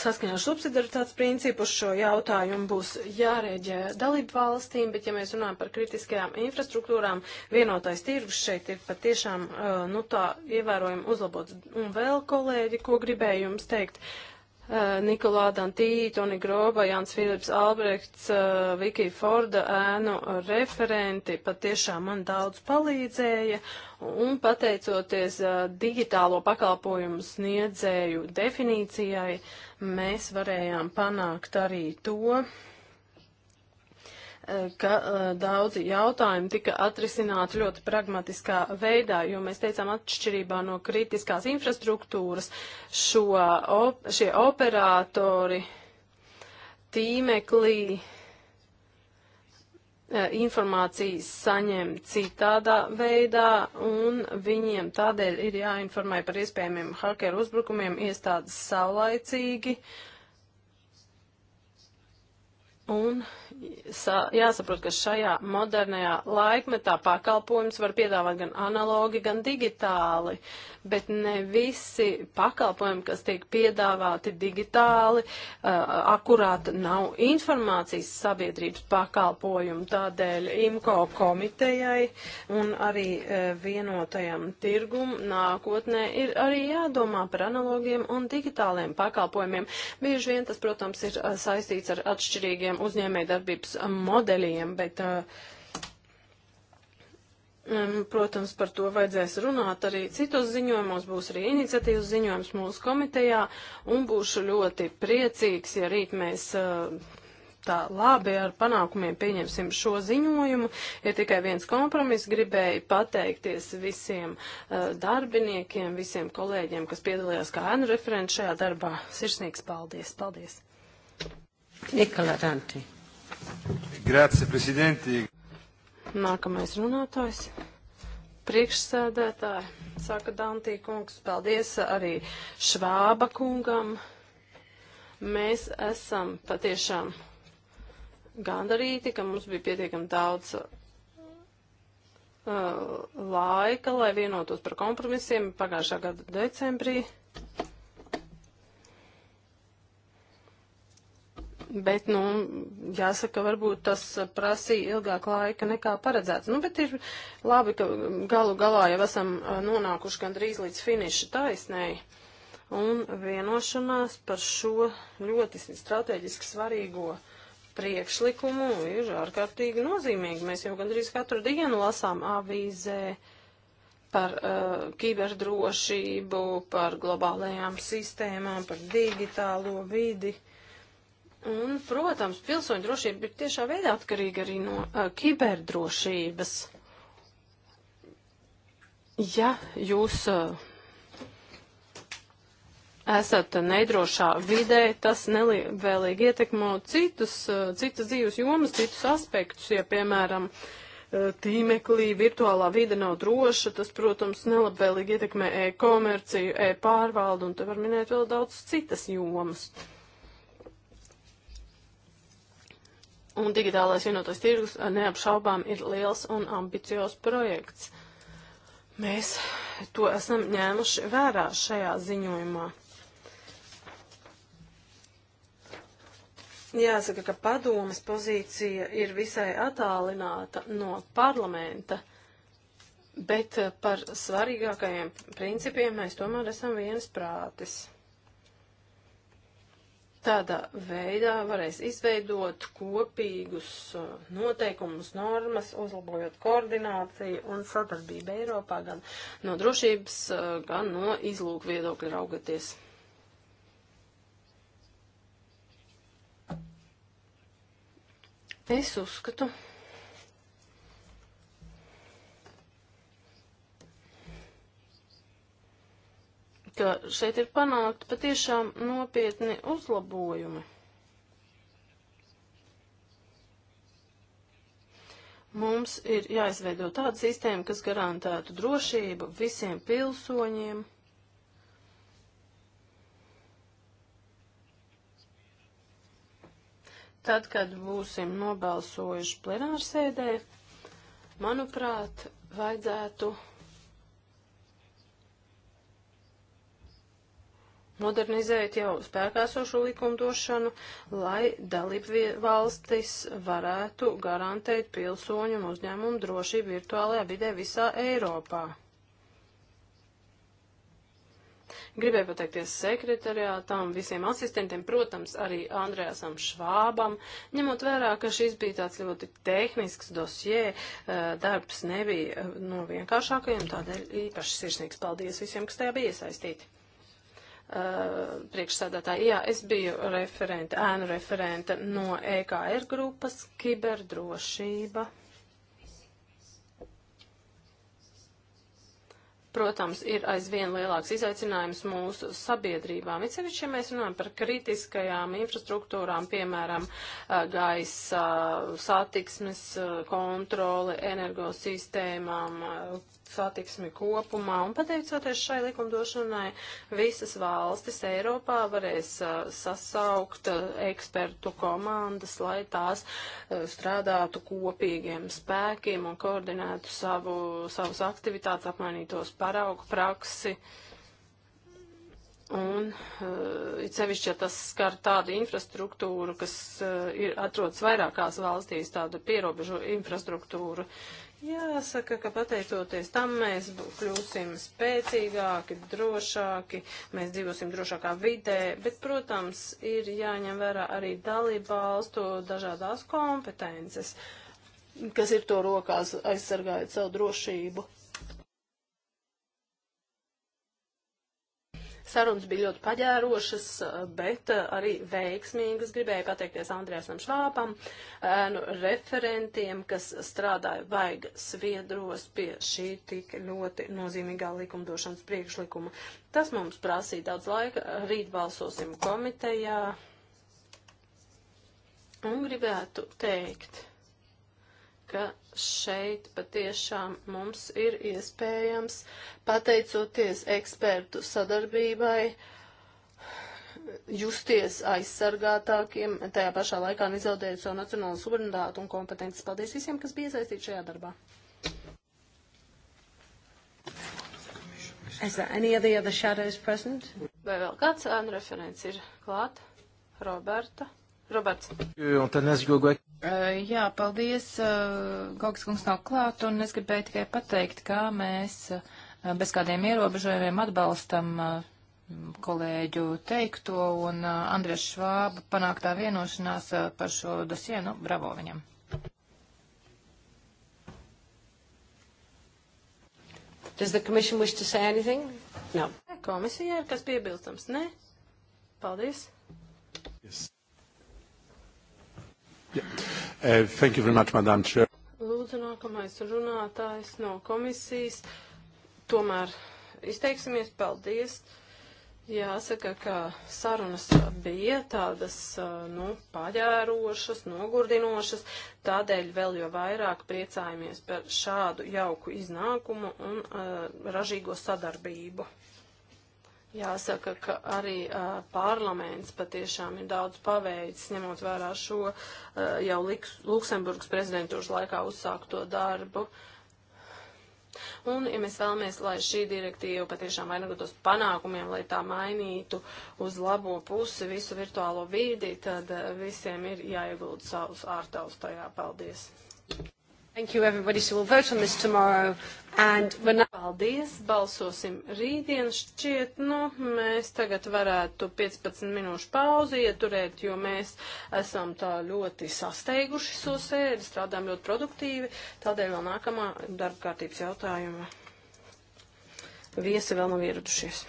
Saskaņā ar subsidiaritātes principu šo jautājumu būs jārēģē dalību valstīm, bet ja mēs runājam par kritiskajām infrastruktūrām, vienotais tirgus šeit ir patiešām, uh, nu tā, ievērojami uzlabots. Un vēl, kolēģi, ko gribēju jums teikt, uh, Eh, Nikolā Dantī, Toni Groba, Jānis Filips Albrechts, eh, Viki Forda ēnu referenti patiešām man daudz palīdzēja un pateicoties eh, digitālo pakalpojumu sniedzēju definīcijai, mēs varējām panākt arī to, ka uh, daudzi jautājumi tika atrisināti ļoti pragmatiskā veidā, jo mēs teicām atšķirībā no kritiskās infrastruktūras šo, op, šie operatori tīmeklī eh, informācijas saņem citādā veidā, un viņiem tādēļ ir jāinformē par iespējamiem hakeru uzbrukumiem iestādes saulaicīgi. Un jāsaprot, ka šajā modernajā laikmetā pakalpojums var piedāvāt gan analogi, gan digitāli, bet ne visi pakalpojumi, kas tiek piedāvāti digitāli, uh, akurāti nav informācijas sabiedrības pakalpojumi. Tādēļ IMCO komitejai un arī uh, vienotajam tirgum nākotnē ir arī jādomā par analogiem un digitāliem pakalpojumiem. Bieži vien tas, protams, ir uh, saistīts ar atšķirīgiem uzņēmējdarbiem sadarbības modeļiem, bet, protams, par to vajadzēs runāt arī citos ziņojumos, būs arī iniciatīvas ziņojums mūsu komitejā, un būšu ļoti priecīgs, ja rīt mēs tā labi ar panākumiem pieņemsim šo ziņojumu. Ir tikai viens kompromiss. Gribēju pateikties visiem uh, darbiniekiem, visiem kolēģiem, kas piedalījās kā ēnu referents šajā darbā. Sirsnīgs paldies! Paldies! Nikola Danti. Grācija, prezidenti. Nākamais runātājs. Priekšsēdētāji, saka Dantī kungs, paldies arī Švāba kungam. Mēs esam patiešām gandarīti, ka mums bija pietiekami daudz uh, laika, lai vienotos par kompromisiem pagājušā gada decembrī. Bet, nu, jāsaka, varbūt tas prasīja ilgāk laika nekā paredzēts. Nu, bet ir labi, ka galu galā jau esam nonākuši gandrīz līdz finiša taisnēji. Un vienošanās par šo ļoti strateģiski svarīgo priekšlikumu ir ārkārtīgi nozīmīgi. Mēs jau gandrīz katru dienu lasām avīzē par uh, kiberdrošību, par globālajām sistēmām, par digitālo vidi. Uh, Un, protams, pilsoņu drošība ir tiešā veidā atkarīga arī no uh, kiberdrošības. Ja jūs uh, esat nedrošā vidē, tas nelabvēlīgi ietekmo citus, uh, citas dzīves jomas, citus aspektus, ja, piemēram, uh, tīmeklī virtuālā vide nav droša, tas, protams, nelabvēlīgi ietekmē e-komerciju, e-pārvaldu, un te var minēt vēl daudz citas jomas. Uh, un digitālais vienotais tirgus eh, neapšaubām ir liels un ambiciozs projekts. Mēs to esam ņēmuši vērā šajā ziņojumā. Jāsaka, ka padomas pozīcija ir visai attālināta no parlamenta, bet par svarīgākajiem principiem mēs tomēr esam viens prātis. Tādā veidā varēs izveidot kopīgus uh, noteikumus, normas, uzlabojot koordināciju un sadarbību Eiropā gan no drošības, uh, gan no izlūku viedokļa raugoties. Es uzskatu, ka šeit ir panākti patiešām nopietni uzlabojumi. Mums ir jāizveido tāda sistēma, kas garantētu drošību visiem pilsoņiem. Tad, kad būsim nobalsojuši plenārsēdē, manuprāt, vajadzētu modernizēt jau spēkāsošu likumdošanu, lai dalību valstis varētu garantēt pilsoņu un uzņēmumu drošību virtuālajā vidē visā Eiropā. Gribēju pateikties sekretariātām, visiem asistentiem, protams, arī Andrēsam Švābam, ņemot vērā, ka šis bija tāds ļoti tehnisks dosie, eh, darbs nebija eh, no vienkāršākajiem, tādēļ īpaši sirsnīgs paldies visiem, kas tajā bija iesaistīti. Uh, eh, priekšsādātāji. Jā, es biju referente, ēnu referente no EKR grupas kiberdrošība. Protams, ir aizvien lielāks izaicinājums mūsu sabiedrībām. It sevišķi, ja mēs runājam par kritiskajām infrastruktūrām, piemēram, eh, gaisa, satiksmes eh, kontroli, energosistēmām, satiksmi kopumā, un pateicoties šai likumdošanai, visas valstis Eiropā varēs uh, sasaukt uh, ekspertu komandas, lai tās uh, strādātu kopīgiem spēkiem un koordinētu savu, savus aktivitātes, apmainītos paraugu praksi. Un uh, it sevišķi, ja tas skar tādu infrastruktūru, kas uh, ir atrodas vairākās valstīs, tādu pierobežu infrastruktūru, Jāsaka, ka pateicoties tam mēs kļūsim spēcīgāki, drošāki, mēs dzīvosim drošākā vidē, bet, protams, ir jāņem vērā arī dalība valstu dažādās kompetences, kas ir to rokās aizsargājot savu drošību. Sarunas bija ļoti paģērošas, bet eh, arī veiksmīgas. Gribēju pateikties Andrēsam Švāpam, nu, referentiem, kas strādāja vaiga sviedros pie šī tik ļoti nozīmīgā likumdošanas priekšlikuma. Tas mums prasīja daudz laika. Rīt balsosim komitejā. Un gribētu teikt ka šeit patiešām mums ir iespējams, pateicoties ekspertu sadarbībai, justies aizsargātākiem, tajā pašā laikā nezaudējot savu nacionālo suverenitātu un kompetences. Paldies visiem, kas bija iesaistīti šajā darbā. Is there any of the other shadows present? Vai vēl kāds ēnu referents ir klāt? Roberta. Roberts. Jā, paldies. Gaugas kungs nav klāt, un es gribēju tikai pateikt, kā mēs bez kādiem ierobežojumiem atbalstam kolēģu teikto un Andrēs Švāba panāktā vienošanās par šo dosienu. Bravo viņam! Does the commission wish to say anything? No. Komisija ir kas piebilstams? Nē? Paldies. Yes. Yeah. Uh, thank you very much, Madam Chair. Lūdzu, nākamais runātājs no komisijas. Tomēr izteiksimies paldies. Jāsaka, ka sarunas bija tādas, uh, nu, paģērošas, nogurdinošas, tādēļ vēl jo vairāk priecājamies par šādu jauku iznākumu un uh, ražīgo sadarbību. Jāsaka, ka arī uh, parlaments patiešām ir daudz paveicis, ņemot vērā šo uh, jau Liks, Luksemburgas prezidentūras laikā uzsākto darbu. Un, ja mēs vēlamies, lai šī direktīva patiešām vainagotos panākumiem, lai tā mainītu uz labo pusi visu virtuālo vīdi, tad visiem ir jāiegulda savus ārtaus tajā. Paldies! Thank you everybody. So we'll vote on this tomorrow. And when... Paldies, balsosim rītdien šķiet, nu, mēs tagad varētu 15 minūšu pauzi ieturēt, jo mēs esam tā ļoti sasteiguši šo so sēdi, strādājam ļoti produktīvi, tādēļ vēl nākamā darba kārtības jautājuma. Viesi vēl nav ieradušies.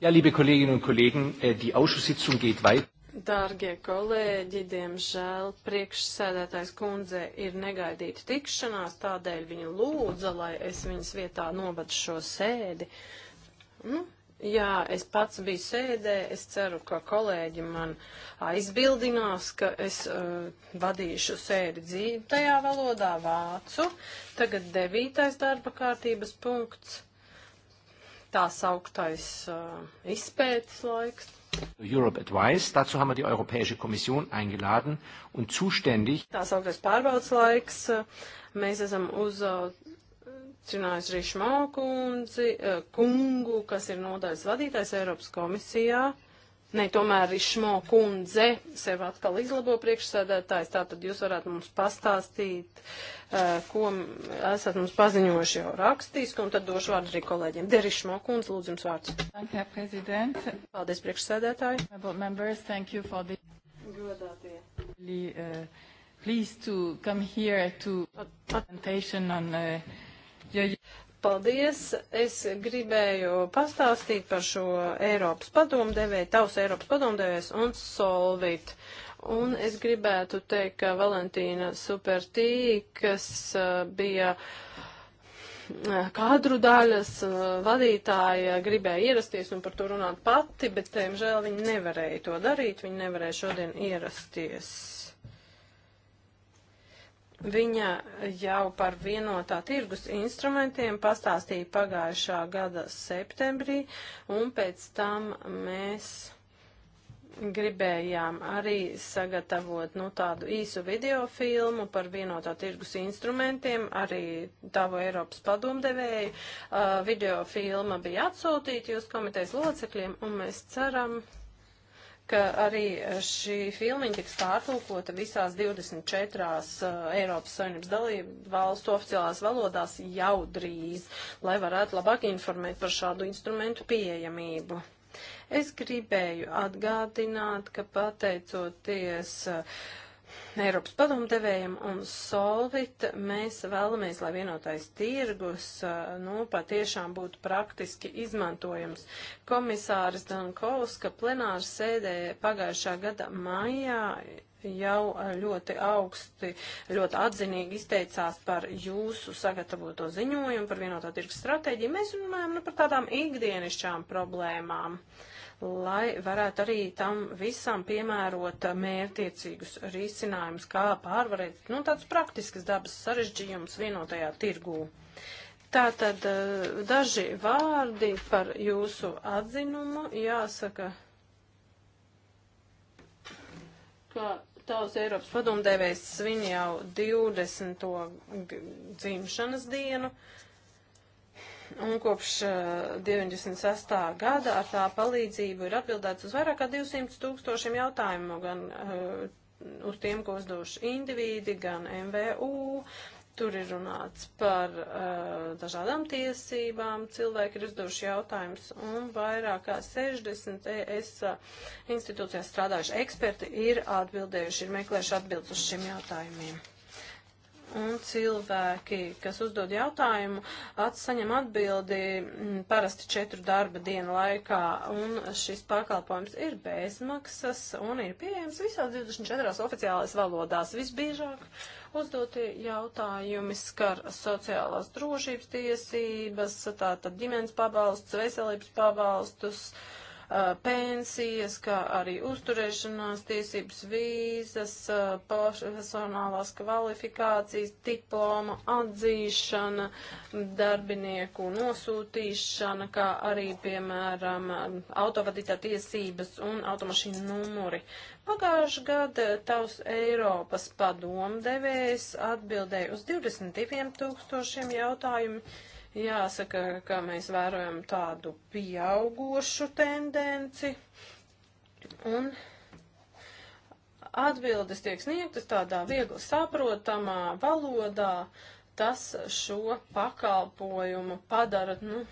Ja, liebe Kolleginnen un Kollegen, äh, die Ausschusssitzung geht weiter. Dārgie kolēģi, diemžēl priekšsēdētājs kundze ir negaidīta tikšanās, tādēļ viņa lūdza, lai es viņas vietā novadu šo sēdi. Nu, jā, es pats biju sēdē, es ceru, ka kolēģi man aizbildinās, ka es uh, vadīšu sēdi dzīvotajā valodā vācu. Tagad devītais darba kārtības punkts tā sauktais uh, izpētes laiks. Europe Advice, dazu haben wir die Europäische Kommission eingeladen und zuständig. Tā sauktais pārbaudas laiks, uh, mēs esam uzaicinājuši uh, Rīšmā kundzi, uh, kungu, kas ir nodaļas vadītājs Eiropas komisijā. Nē, tomēr Rišmo kundze sev atkal izlabo priekšsēdētājs, tātad jūs varētu mums pastāstīt, eh, ko esat mums paziņojuši jau rakstīs, un tad došu vārdu arī kolēģiem. Derišmo kundze, lūdzu jums vārds. Paldies priekšsēdētāji. Members, thank you for the... Godātie. Really, uh, pleased to come here to presentation on uh, your... Paldies! Es gribēju pastāstīt par šo Eiropas padomdevēju, tavs Eiropas padomdevējs un Solvit. Un es gribētu teikt, ka Valentīna Supertī, kas uh, bija uh, kadru daļas uh, vadītāja, gribēja ierasties un par to runāt pati, bet, diemžēl, viņa nevarēja to darīt, viņa nevarēja šodien ierasties. Viņa jau par vienotā tirgus instrumentiem pastāstīja pagājušā gada septembrī, un pēc tam mēs gribējām arī sagatavot nu, tādu īsu videofilmu par vienotā tirgus instrumentiem, arī tavu Eiropas padomdevēju. Uh, videofilma bija atsūtīta jūs komitejas locekļiem, un mēs ceram, ka arī eh, šī filmiņa tiks pārtulkota visās 24 uh, eh, Eiropas Savienības dalību valstu oficiālās valodās jau drīz, lai varētu labāk informēt par šādu instrumentu pieejamību. Es gribēju atgādināt, ka pateicoties uh, Eiropas padomdevējiem un Solvit mēs vēlamies, lai vienotais tirgus, nu, patiešām būtu praktiski izmantojams. Komisārs Dankovska plenārs sēdē pagājušā gada maijā jau ļoti augsti, ļoti atzinīgi izteicās par jūsu sagatavoto ziņojumu par vienotā tirgus stratēģiju. Mēs runājam nu, par tādām ikdienišķām problēmām. Uh, lai varētu arī tam visam piemērot mērtiecīgus risinājumus, kā pārvarēt nu, tādus praktiskas dabas sarežģījumus vienotajā tirgū. Tātad eh, daži vārdi par jūsu atzinumu jāsaka, ka Tavs Eiropas padomdevējs svin jau 20. dzimšanas dienu. Uh, un kopš uh, eh, 96. gada ar tā palīdzību ir atbildēts uz vairāk kā 200 tūkstošiem jautājumu, gan uh, uz tiem, ko uzdoši indivīdi, gan MVU. Tur ir runāts par uh, dažādām tiesībām, cilvēki ir uzdoši jautājumus, un vairāk kā 60 ES institūcijās strādājuši eksperti ir atbildējuši, ir meklējuši atbildes uz šiem jautājumiem un cilvēki, kas uzdod jautājumu, atsaņem atbildi mm, parasti četru darba dienu laikā, un šis pakalpojums ir bezmaksas un ir pieejams visās 24 oficiālais valodās. Visbiežāk uzdotie jautājumi skar sociālās drošības tiesības, tātad ģimenes pabalsts, veselības pabalstus. Uh, uh, pensijas, kā arī uzturēšanās tiesības, vīzas, uh, personālās kvalifikācijas, diploma atzīšana, darbinieku nosūtīšana, kā arī, piemēram, autovadītā tiesības un automašīnu numuri. Pagājuši gada tavs Eiropas padomdevējs atbildēja uz 22 tūkstošiem jautājumu Jāsaka, ka mēs vērojam tādu pieaugušu tendenci un atbildes tiek sniegtas tādā viegli saprotamā valodā, tas šo pakalpojumu padara, nu,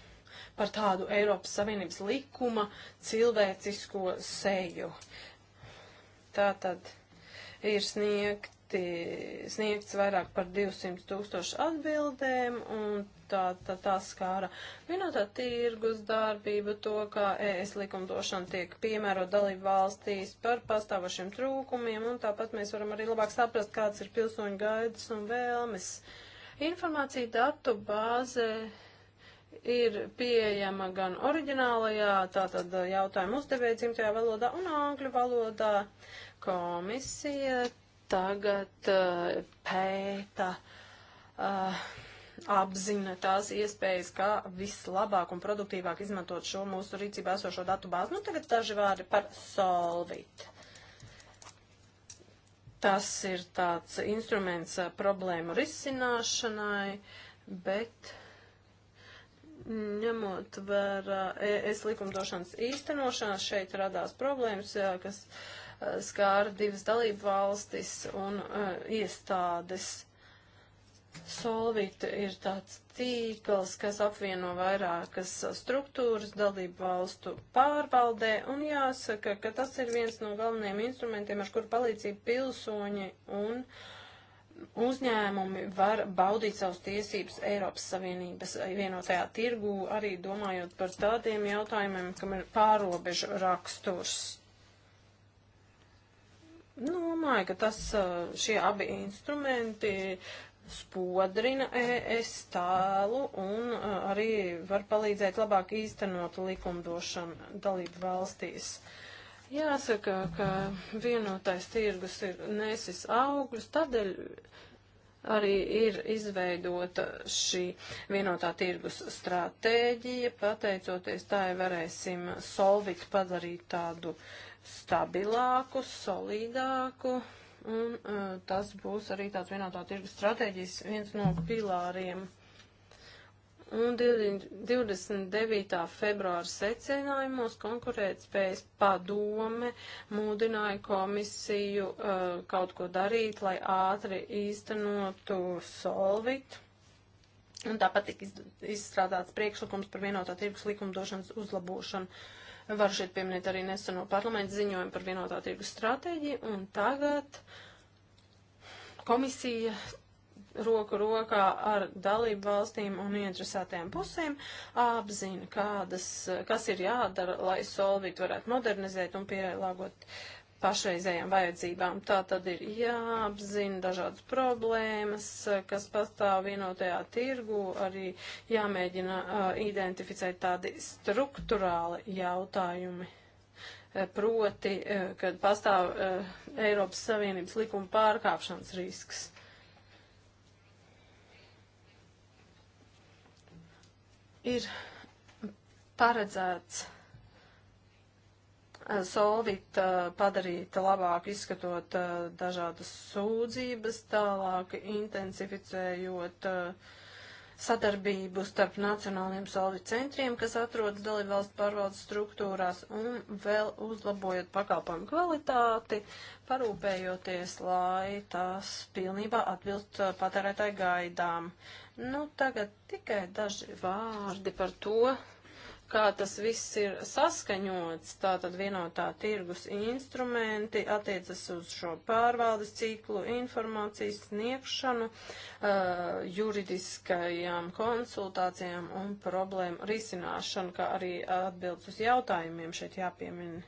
par tādu Eiropas Savienības likuma cilvēcisko seju. Tā tad ir sniegti, sniegts vairāk par 200 tūkstošu atbildēm, un tā, tā, tā skāra vienotā tirgus darbība, to, kā ES likumdošana tiek piemērot dalību valstīs par pastāvošiem trūkumiem, un tāpat mēs varam arī labāk saprast, kāds ir pilsoņu gaidas un vēlmes. Informācija datu bāzē ir pieejama gan oriģinālajā, tātad jautājumu uzdevēja dzimtajā valodā un angļu valodā. Komisija tagad uh, pēta. Uh, apzina tās iespējas, kā vislabāk un produktīvāk izmantot šo mūsu rīcībā esošo datu bāzi. Nu, tagad daži vārdi par Solvit. Tas ir tāds instruments eh, problēmu risināšanai, bet ņemot vērā eh, ES likumdošanas īstenošanā, šeit radās problēmas, jā, eh, kas skāra divas dalību valstis un uh, iestādes. Solvit ir tāds tīkls, kas apvieno vairākas struktūras dalību valstu pārvaldē, un jāsaka, ka tas ir viens no galvenajiem instrumentiem, ar kuru palīdzību pilsoņi un uzņēmumi var baudīt savus tiesības Eiropas Savienības vienotajā tirgū, arī domājot par tādiem jautājumiem, kam ir pārobežu raksturs. Domāju, nu, ka tas, eh, šie abi instrumenti uh, spodrina ES tēlu un uh, arī var palīdzēt labāk īstenot likumdošanu dalību valstīs. Jāsaka, ka vienotais tirgus ir nesis augļus, tādēļ arī ir izveidota šī vienotā tirgus stratēģija. Pateicoties tai varēsim solvit padarīt tādu stabilāku, solidāku, un uh, tas būs arī tāds vienotā tirgus stratēģijas viens no pilāriem. Un 29. februāra secinājumos konkurētspējas padome mūdināja komisiju uh, kaut ko darīt, lai ātri īstenotu solvitu. Un tāpat tika izstrādāts priekšlikums par vienotā tirgus likumdošanas uzlabošanu. Uh, Varu šeit pieminēt arī neseno parlamentu ziņojumu par vienotā tirgus stratēģiju, un tagad komisija roku rokā ar dalību valstīm un ieinteresētajām pusēm apzina, kādas, kas ir jādara, lai solvīt varētu modernizēt un pielāgot uh, pašreizējām vajadzībām. Tā tad ir jāapzina dažādas problēmas, kas pastāv vienotajā tirgu, arī jāmēģina uh, identificēt tādi struktūrāli jautājumi. Proti, uh, kad pastāv uh, Eiropas Savienības likuma pārkāpšanas risks. Ir paredzēts solvit padarīt labāk izskatot dažādas sūdzības, tālāk intensificējot sadarbību starp nacionāliem solvi centriem, kas atrodas dalībvalstu pārvaldes struktūrās, un vēl uzlabojot pakalpojumu kvalitāti, parūpējoties, lai tās pilnībā atbilst patērētāju gaidām. Nu, tagad tikai daži vārdi par to, kā tas viss ir saskaņots, tātad vienotā tirgus instrumenti attiecas uz šo pārvaldes ciklu, informācijas sniegšanu, uh, juridiskajām konsultācijām un problēmu risināšanu, kā arī atbildes uz jautājumiem šeit jāpiemina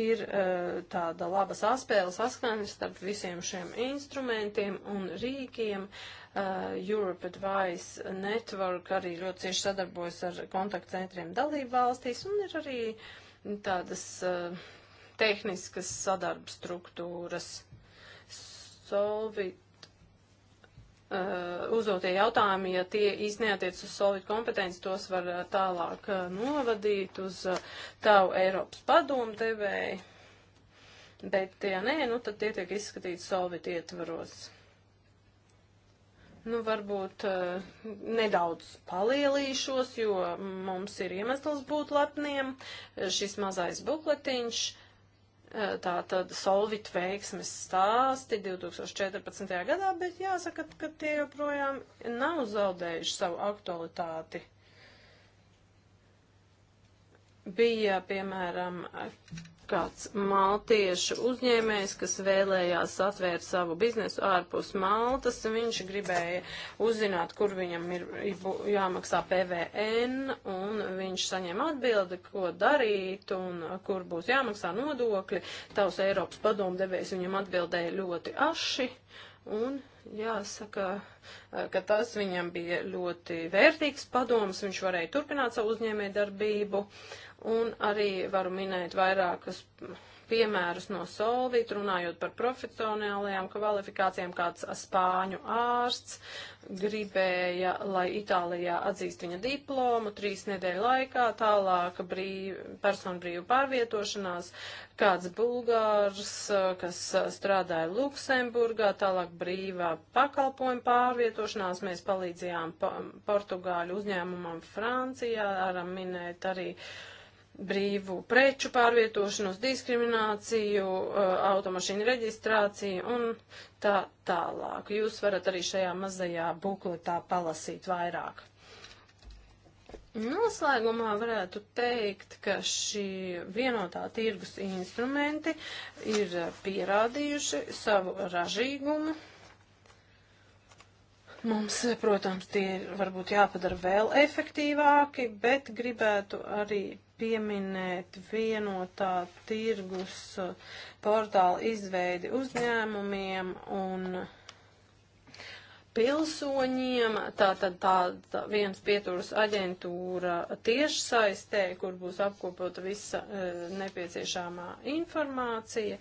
ir eh, tāda laba saspēle saskaņa starp visiem šiem instrumentiem un rīkiem. Eh, Europe Advice Network arī ļoti cieši sadarbojas ar kontaktcentriem dalību valstīs un ir arī tādas eh, tehniskas sadarba struktūras. Solvit Uh, uzdotie jautājumi, ja tie iznietiec uz solītu kompetenci, tos var uh, tālāk uh, novadīt uz tavu Eiropas padomu devēju. Bet, ja nē, nu tad tie tiek izskatīti solvit ietvaros. Nu, varbūt nedaudz palielīšos, jo mums ir iemesls būt lepniem. Šis mazais bukletiņš Eh, tātad solvit veiksmes stāsti 2014. gadā, bet jāsaka, ka tie joprojām nav zaudējuši savu aktualitāti. Bija, piemēram, kāds maltiešu uzņēmējs, kas vēlējās atvērt savu biznesu ārpus Maltas, viņš gribēja uzzināt, kur viņam ir jāmaksā PVN, un viņš saņēma atbildi, ko darīt un kur būs jāmaksā nodokļi. Tavs Eiropas padomdevējs viņam atbildēja ļoti aši, un jāsaka, ka tas viņam bija ļoti vērtīgs padoms, viņš varēja turpināt savu uzņēmējdarbību, Un arī varu minēt vairākus piemērus no Solvit, runājot par profesionālajām kvalifikācijām, kāds spāņu ārsts gribēja, lai Itālijā atzīst viņa diplomu trīs nedēļu laikā, tālāk brīv, personu brīvu pārvietošanās, kāds bulgārs, kas strādāja Luksemburgā, tālāk brīvā pakalpojuma pārvietošanās, mēs palīdzējām pa, portugāļu uzņēmumam Francijā, varam minēt arī uh, brīvu preču pārvietošanos, diskrimināciju, uh, automašīnu reģistrāciju un tā tālāk. Jūs varat arī šajā mazajā bukletā palasīt vairāk. Noslēgumā varētu teikt, ka šī vienotā tirgus instrumenti ir pierādījuši savu ražīgumu. Mums, protams, tie ir varbūt jāpadara vēl efektīvāki, bet gribētu arī pieminēt vienotā tirgus eh, portāla izveidi uzņēmumiem un pilsoņiem, tātad tā, tā, viens pieturas aģentūra tiešsaistē, kur būs apkopota visa e, nepieciešamā informācija,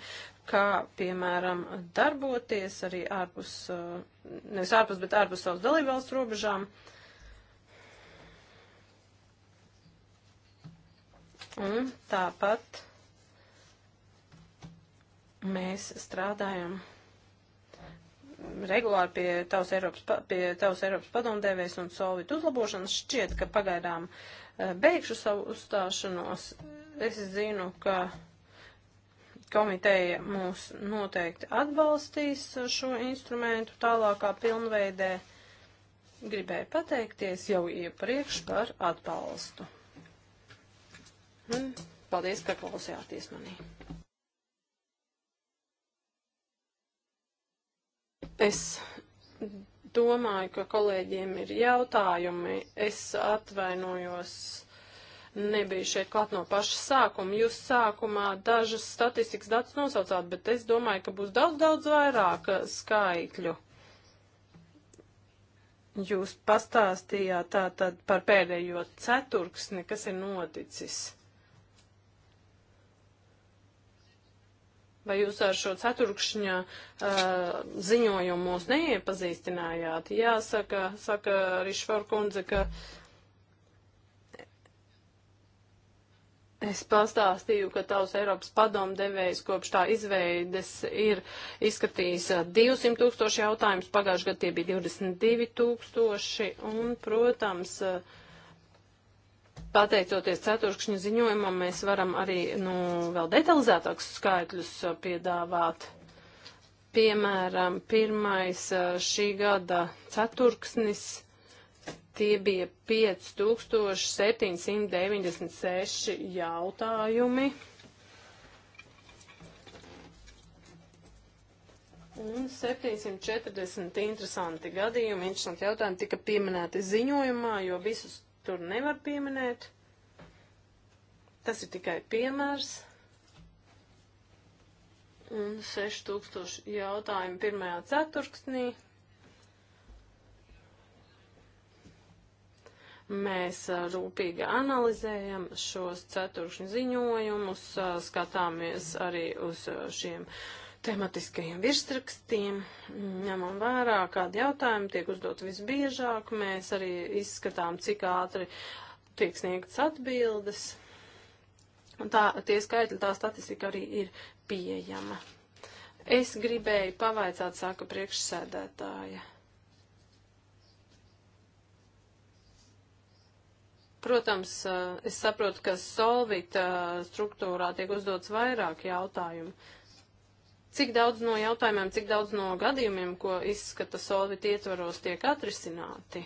kā, piemēram, darboties arī ārpus, eh, nevis ārpus, bet ārpus savas dalībvalsts robežām. E, Un tāpat mēs strādājam regulāri pie tavas Eiropas, pie tavas Eiropas padomdevējas un solvītu uzlabošanas. Šķiet, ka pagaidām eh, beigšu savu uzstāšanos. Es zinu, ka komiteja mūs noteikti atbalstīs šo instrumentu tālākā pilnveidē. Gribēju pateikties jau iepriekš par atbalstu. Un paldies, ka klausījāties manī. Es domāju, ka kolēģiem ir jautājumi. Es atvainojos nebija šeit klāt no paša sākuma. Jūs sākumā dažas statistikas datus nosaucāt, bet es domāju, ka būs daudz, daudz vairāk skaitļu. Jūs pastāstījāt tātad par pēdējo ceturksni, kas ir noticis. Vai jūs ar šo ceturkšņa uh, ziņojumu mūs neiepazīstinājāt? Jāsaka, saka Rišvar kundze, ka es pastāstīju, ka tavs Eiropas padomdevējs kopš tā izveides ir izskatījis 200 uh, tūkstoši jautājumus, pagājušajā gadā tie bija 22 tūkstoši, un, protams, uh, pateicoties ceturkšņu ziņojumam, mēs varam arī nu, vēl detalizētākus skaitļus piedāvāt. Piemēram, pirmais šī gada ceturksnis tie bija 5796 jautājumi. Un 740 interesanti gadījumi, interesanti jautājumi tika pieminēti ziņojumā, jo visus tur nevar pieminēt. Tas ir tikai piemērs. Un 6000 jautājumu pirmajā ceturksnī. Mēs rūpīgi analizējam šos ceturkšņu ziņojumus, skatāmies arī uz šiem uh, tematiskajiem virsrakstiem, ņemam vērā, kādi jautājumi tiek uzdot visbiežāk, mēs arī izskatām, cik ātri tiek sniegtas atbildes, un tā, tie skaitļi, tā statistika arī ir pieejama. Es gribēju pavaicāt, saka priekšsēdētāja. Protams, eh, es saprotu, ka solvita eh, struktūrā tiek uzdots vairāk jautājumu. Cik daudz no jautājumiem, cik daudz no gadījumiem, ko izskata solvit ietvaros, tiek atrisināti?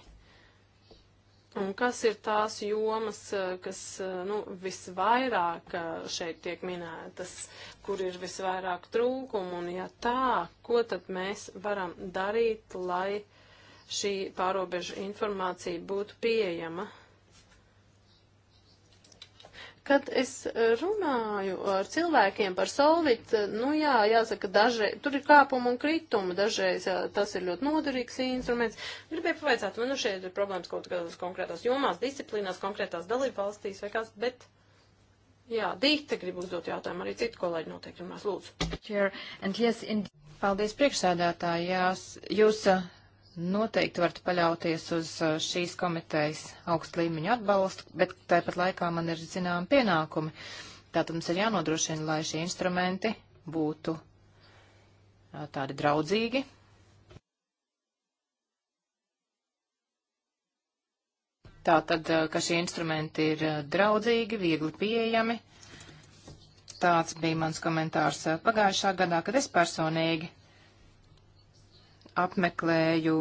Un kas ir tās jomas, eh, kas eh, nu, visvairāk eh, šeit tiek minētas, kur ir visvairāk trūkumu, un ja tā, ko tad mēs varam darīt, lai šī pārobežu informācija būtu pieejama? Kad es e, runāju ar cilvēkiem par solvit, e, nu jā, jāsaka, dažai, tur ir kāpuma un krituma, dažreiz jā, e, tas ir ļoti noderīgs instruments. Gribēju pavaicāt, man nu šeit ir problēmas kaut kādās konkrētās jomās, disciplīnās, konkrētās dalību valstīs vai kāds, bet. Jā, Dīta grib uzdot jautājumu, arī citu kolēģi noteikti runās, lūdzu. Paldies priekšsēdētāji, jās, jūs noteikti varat paļauties uz uh, šīs komitejas augstu līmeņu atbalstu, bet tāpat laikā man ir zinām pienākumi. Tātad mums ir jānodrošina, lai šie instrumenti būtu uh, tādi draudzīgi. Tātad, uh, ka šie instrumenti ir draudzīgi, viegli pieejami. Tāds bija mans komentārs pagājušā gadā, kad es personīgi apmeklēju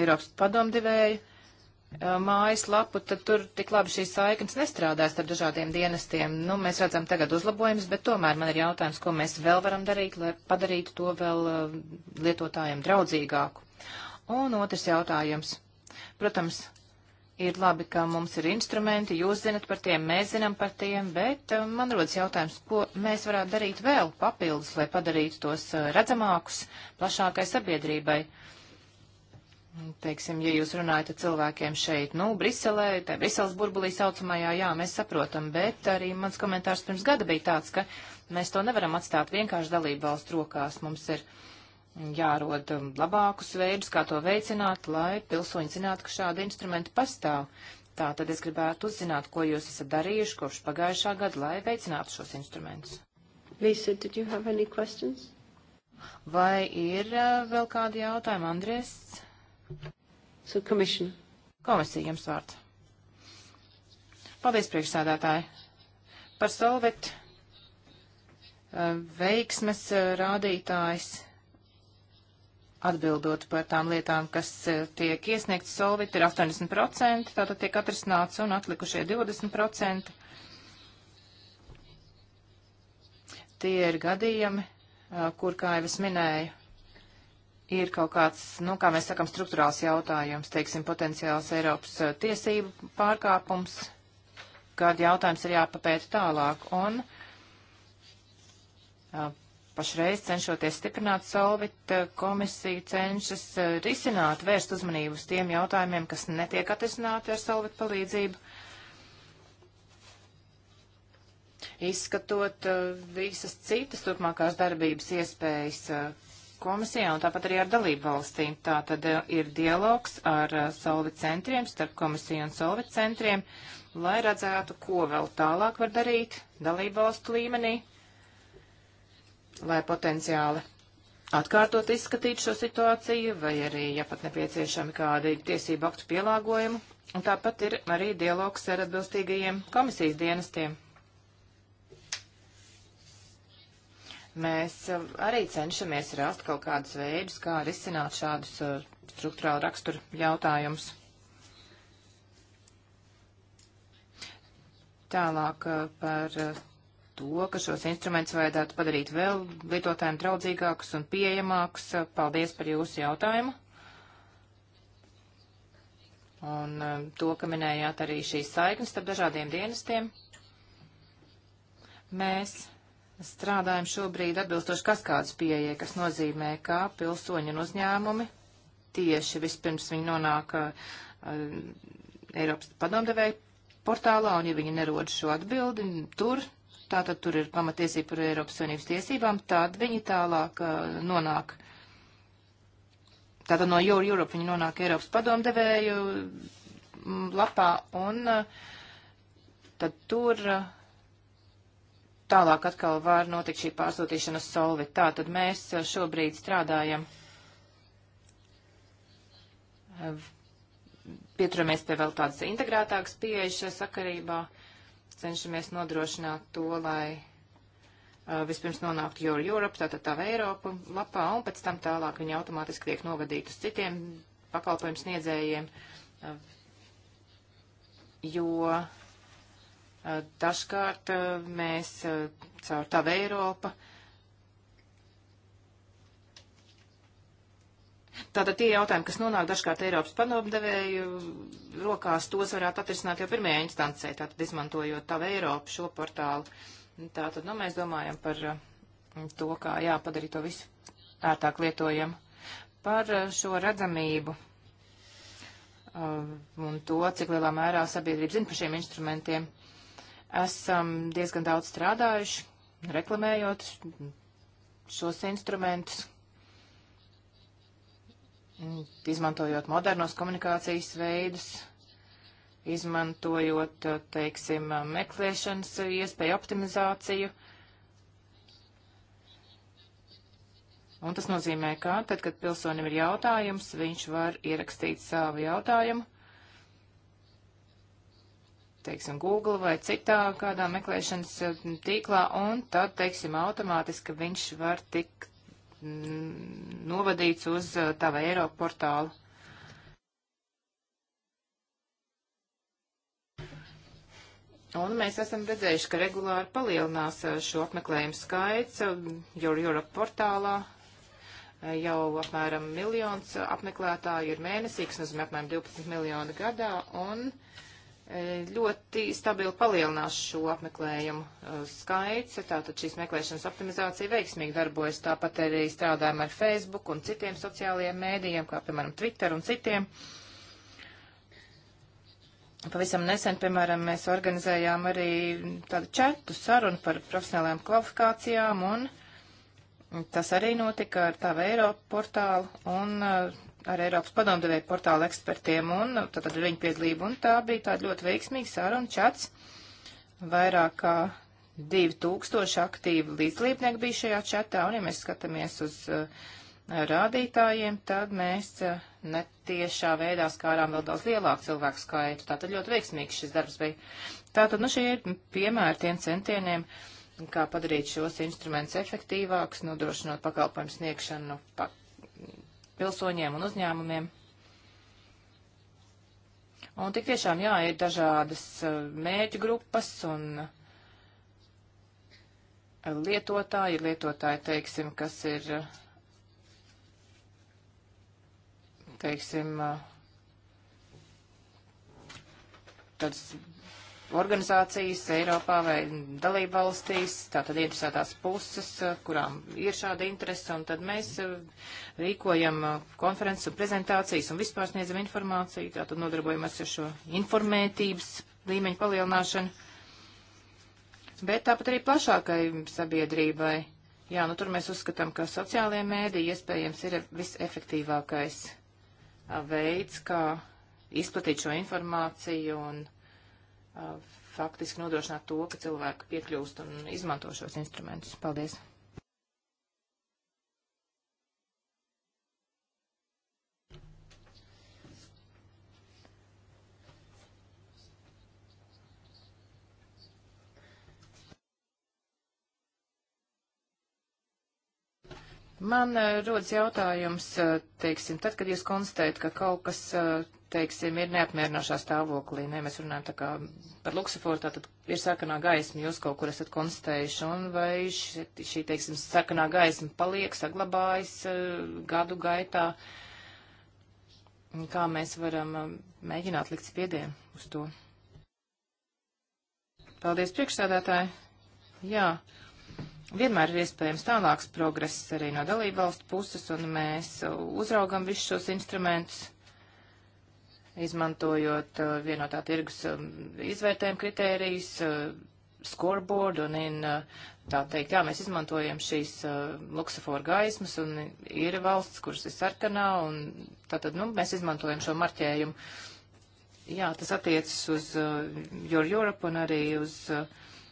Eiropas padomdevēju eh, mājaslapu, tad tur tik labi šīs saiknes nestrādās ar dažādiem dienestiem. Nu, mēs redzam tagad uzlabojumus, bet tomēr man ir jautājums, ko mēs vēl varam darīt, lai padarītu to vēl eh, lietotājiem draudzīgāku. Un otrs jautājums. Protams, Ir labi, ka mums ir instrumenti, jūs zinat par tiem, mēs zinām par tiem, bet uh, man rodas jautājums, ko mēs varētu darīt vēl papildus, lai padarītu tos uh, redzamākus plašākai sabiedrībai. Teiksim, ja jūs runājat ar cilvēkiem šeit, nu, Briselē, tā Briseles burbulī saucamajā, jā, mēs saprotam, bet arī mans komentārs pirms gada bija tāds, ka mēs to nevaram atstāt vienkārši dalību valstu rokās. Mums ir uh, jārod um, labākus veidus, kā to veicināt, lai pilsoņi zinātu, ka šādi instrumenti pastāv. Tā tad es gribētu uzzināt, ko jūs esat darījuši kopš pagājušā gada, lai veicinātu šos instrumentus. Lisa, did you have any questions? Vai ir uh, vēl kādi jautājumi, Andries? So, commission. Komisija jums vārds. Paldies, priekšsādātāji. Par solvet uh, veiksmes uh, rādītājs atbildot par tām lietām, kas eh, tiek iesniegts solvit, ir 80%, tātad tiek atrisināts un atlikušie 20%. Tie ir gadījumi, eh, kur, kā jau es minēju, ir kaut kāds, nu, kā mēs sakam, struktūrāls jautājums, teiksim, potenciāls Eiropas eh, tiesību pārkāpums, kad jautājums ir jāpapēta tālāk. Un pašreiz cenšoties stiprināt solvit, eh, komisija cenšas eh, risināt, vērst uzmanību uz tiem jautājumiem, kas netiek atrisināti ar solvit palīdzību. Izskatot eh, visas citas turpmākās darbības iespējas komisijā un tāpat arī ar dalību valstīm. Tā tad ir dialogs ar solvit centriem, starp komisiju un solvit centriem, lai redzētu, ko vēl tālāk var darīt dalību valstu līmenī lai potenciāli atkārtot izskatīt šo situāciju, vai arī, ja pat nepieciešami, kādi tiesību aktu pielāgojumi. Un tāpat ir arī dialogs ar atbilstīgajiem komisijas dienestiem. Mēs arī cenšamies rast kaut kādus veidus, kā risināt šādus uh, struktūrālu raksturu jautājumus. Tālāk uh, par uh, to, ka šos instrumentus vajadzētu padarīt vēl lietotājiem draudzīgākus un pieejamākus. Paldies par jūsu jautājumu. Un um, to, ka minējāt arī šīs saiknes starp dažādiem dienestiem. Mēs strādājam šobrīd atbilstoši kaskādas pieejai, kas nozīmē, ka pilsoņi un uzņēmumi tieši vispirms viņi nonāk uh, um, Eiropas padomdevēja portālā, un ja viņi nerod šo atbildi tur, tātad tur ir pamatiesība par Eiropas Savienības tiesībām, tad viņi tālāk uh, nonāk. Tātad no Euro Europe viņi nonāk Eiropas padomdevēju mm, lapā un uh, tad tur uh, tālāk atkal var notikt šī pārsūtīšana solvi. Tātad mēs uh, šobrīd strādājam. Uh, pieturamies pie vēl tādas integrētākas pieejas sakarībā. Uh, cenšamies nodrošināt to, lai uh, vispirms nonāktu Your Europe, tātad tā Eiropa lapā, un pēc tam tālāk viņi automātiski tiek novadīti uz citiem pakalpojumu sniedzējiem, uh, jo uh, dažkārt mēs caur tā Eiropa Tātad tie jautājumi, kas nonāk dažkārt Eiropas padomdevēju rokās, tos varētu atrisināt jau pirmajā instancē, tātad izmantojot tavu Eiropu šo portālu. Tātad, nu, mēs domājam par mm, to, kā jāpadarīt to visu ērtāk lietojam. Par eh, šo redzamību eh, un to, cik lielā mērā sabiedrība zina par šiem instrumentiem, esam diezgan daudz strādājuši, reklamējot šos instrumentus, izmantojot modernos komunikācijas veidus, izmantojot, eh, teiksim, eh, meklēšanas iespēju optimizāciju. Un tas nozīmē, ka tad, kad pilsonim ir jautājums, viņš var ierakstīt savu jautājumu, teiksim, Google vai citā kādā meklēšanas eh, tīklā, un tad, teiksim, automātiski viņš var tikt novadīts uz uh, tava Eiropa portālu. Un mēs esam redzējuši, ka regulāri palielinās uh, šo apmeklējumu skaits uh, Europe portālā. Jau apmēram miljons apmeklētāju ir mēnesī, kas nozīmē apmēram 12 miljoni gadā. Un uh, ļoti stabili palielinās šo apmeklējumu uh, skaits, tātad šīs meklēšanas optimizācija veiksmīgi darbojas, tāpat arī strādājam ar Facebook un citiem sociālajiem mēdījiem, kā piemēram Twitter un citiem. Pavisam nesen, piemēram, mēs organizējām arī tādu četu sarunu par profesionālajām kvalifikācijām un tas arī notika ar tāvu Eiropu portālu un uh, ar Eiropas padomdevēju portāla ekspertiem un nu, tad ar viņu piedalību. Un tā bija tāda ļoti veiksmīga saruna čats. Vairāk kā 2000 aktīvi līdzlībnieki bija šajā čatā. Un ja mēs skatāmies uz uh, rādītājiem, tad mēs uh, netiešā veidā skārām vēl daudz lielāku cilvēku skaitu. Tātad ļoti veiksmīgs šis darbs bija. Tātad, nu, šie ir piemēri tiem centieniem, kā padarīt šos instrumentus efektīvākus, nodrošinot pakalpojumu sniegšanu pat pilsoņiem un uzņēmumiem. Un tik tiešām, jā, ir dažādas eh, mēģu grupas un eh, lietotāji, ir lietotāji, teiksim, kas ir, teiksim, eh, tāds organizācijas Eiropā vai dalību valstīs, tātad interesētās puses, eh, kurām ir šāda interese, un tad mēs eh, rīkojam eh, konferences un prezentācijas un vispār sniedzam informāciju, tātad nodarbojamies ar šo informētības līmeņu palielināšanu, bet tāpat arī plašākai sabiedrībai. Jā, nu tur mēs uzskatām, ka sociālajie mēdī iespējams ir visefektīvākais veids, kā izplatīt šo informāciju un faktiski nodrošināt to, ka cilvēki piekļūst un izmanto šos instrumentus. Paldies! Man eh, rodas jautājums, eh, teiksim, tad, kad jūs konstatējat, ka kaut kas, eh, teiksim, ir neapmierinošā stāvoklī, ne, mēs runājam tā kā par luksuforu, tātad ir sarkanā gaisma, jūs kaut kur esat konstatējuši, un vai šī, šī teiksim, sarkanā gaisma paliek, saglabājas gadu gaitā, kā mēs varam mēģināt likt spiedienu uz to. Paldies priekšstādātāji. Jā. Vienmēr ir iespējams tālāks progress arī no dalību valstu puses, un mēs uzraugam visus šos instrumentus, izmantojot uh, vienotā tirgus um, izvērtējuma kritērijas, uh, scoreboard un in, uh, tā teikt, jā, mēs izmantojam šīs uh, luksafora gaismas un ir valsts, kuras ir sarkanā un tātad, nu, mēs izmantojam šo marķējumu. Jā, tas attiecas uz uh, Your Europe un arī uz uh,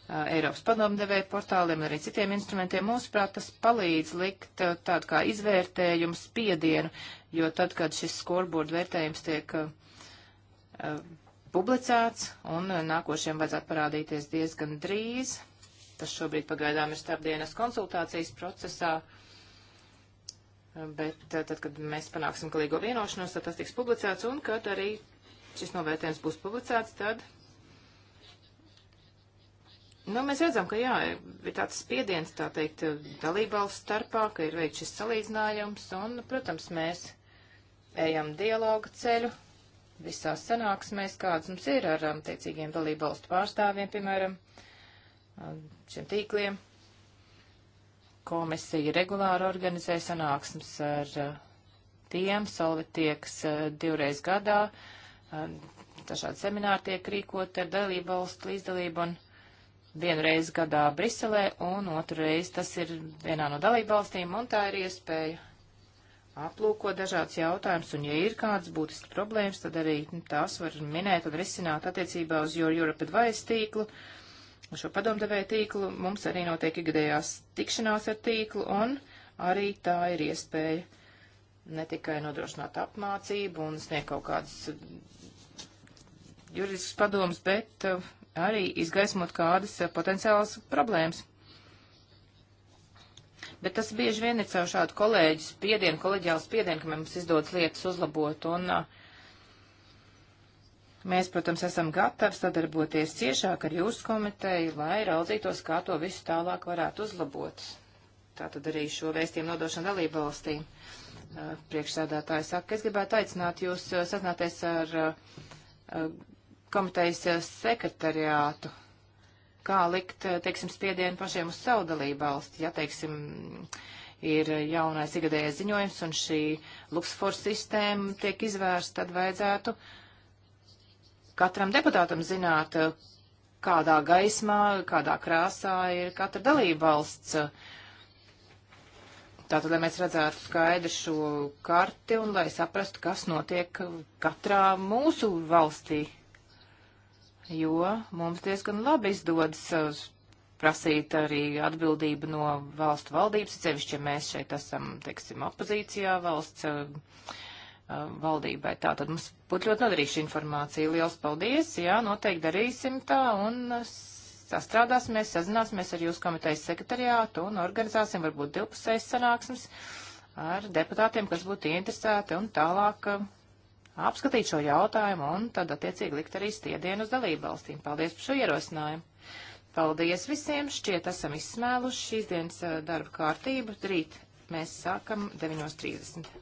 Eh, Eiropas padomdevēja portāliem un arī citiem instrumentiem, mūsuprāt, tas palīdz likt eh, tādu kā izvērtējumu spiedienu, jo tad, kad šis scoreboard vērtējums tiek uh, publicēts un nākošiem vajadzētu parādīties diezgan drīz, tas šobrīd pagaidām ir starpdienas konsultācijas procesā, bet tad, kad mēs panāksim galīgo vienošanos, tad tas tiks publicēts un kad arī šis novērtējums būs publicēts, tad Nu, mēs redzam, ka jā, ir tāds spiediens, tā teikt, dalībvalsts starpā, ka ir veikts šis salīdzinājums, un, protams, mēs ejam dialoga ceļu visās sanāksmēs, kādas mums ir ar um, attiecīgiem dalībvalstu pārstāvjiem, piemēram, um, šiem tīkliem. Komisija regulāri organizē sanāksmes ar uh, tiem, solvi tieks uh, divreiz gadā, um, dažādi semināri tiek rīkot ar dalībvalstu līdzdalību. Un, vienu reizi gadā Briselē, un otru reizi tas ir vienā no dalībvalstīm, un tā ir iespēja aplūkot dažādas jautājumas, un ja ir kādas būtiskas problēmas, tad arī nu, tās var minēt un risināt attiecībā uz Your Europe Advice tīklu, šo padomdevēju tīklu. Mums arī notiek ikgadējās tikšanās ar tīklu, un arī tā ir iespēja ne tikai nodrošināt apmācību un sniegt kaut kādas juridiskas padomas, bet uh, arī izgaismot kādas eh, potenciālas problēmas. Bet tas bieži vien ir caur šādu kolēģu spiedienu, kolēģiālu spiedienu, ka mums izdodas lietas uzlabot. Un, eh, mēs, protams, esam gatavi sadarboties ciešāk ar jūsu komiteju, lai raudzītos, kā to visu tālāk varētu uzlabot. Tātad arī šo vēstījumu nodošanu dalību valstīm. Eh, priekšsēdētāji saka, es gribētu aicināt jūs sazināties ar komitejas eh, sekretariātu, kā likt, eh, teiksim, spiedienu pašiem uz savu dalību valsti, ja, teiksim, ir jaunais igadējais ziņojums un šī Luxfors sistēma tiek izvērsta, tad vajadzētu katram deputātam zināt, eh, kādā gaismā, kādā krāsā ir katra dalība valsts. Tātad, lai mēs redzētu skaidru šo karti un lai saprastu, kas notiek katrā mūsu valstī jo mums diezgan labi izdodas uh, prasīt arī atbildību no valstu valdības, cevišķi, ja mēs šeit esam, teiksim, opozīcijā valsts uh, uh, valdībai. Tā tad mums būtu ļoti noderīga informācija. Liels paldies, jā, noteikti darīsim tā un sastrādāsimies, sazināsimies ar jūsu komitejas sekretariātu un organizāsim varbūt divpusējas sanāksmes ar deputātiem, kas būtu interesēti un tālāk apskatīt šo jautājumu un tad attiecīgi likt arī stiedienu uz dalību valstīm. Paldies par šo ierosinājumu! Paldies visiem! Šķiet esam izsmēluši šīs dienas eh, darba kārtību. Rīt mēs sākam 9.30.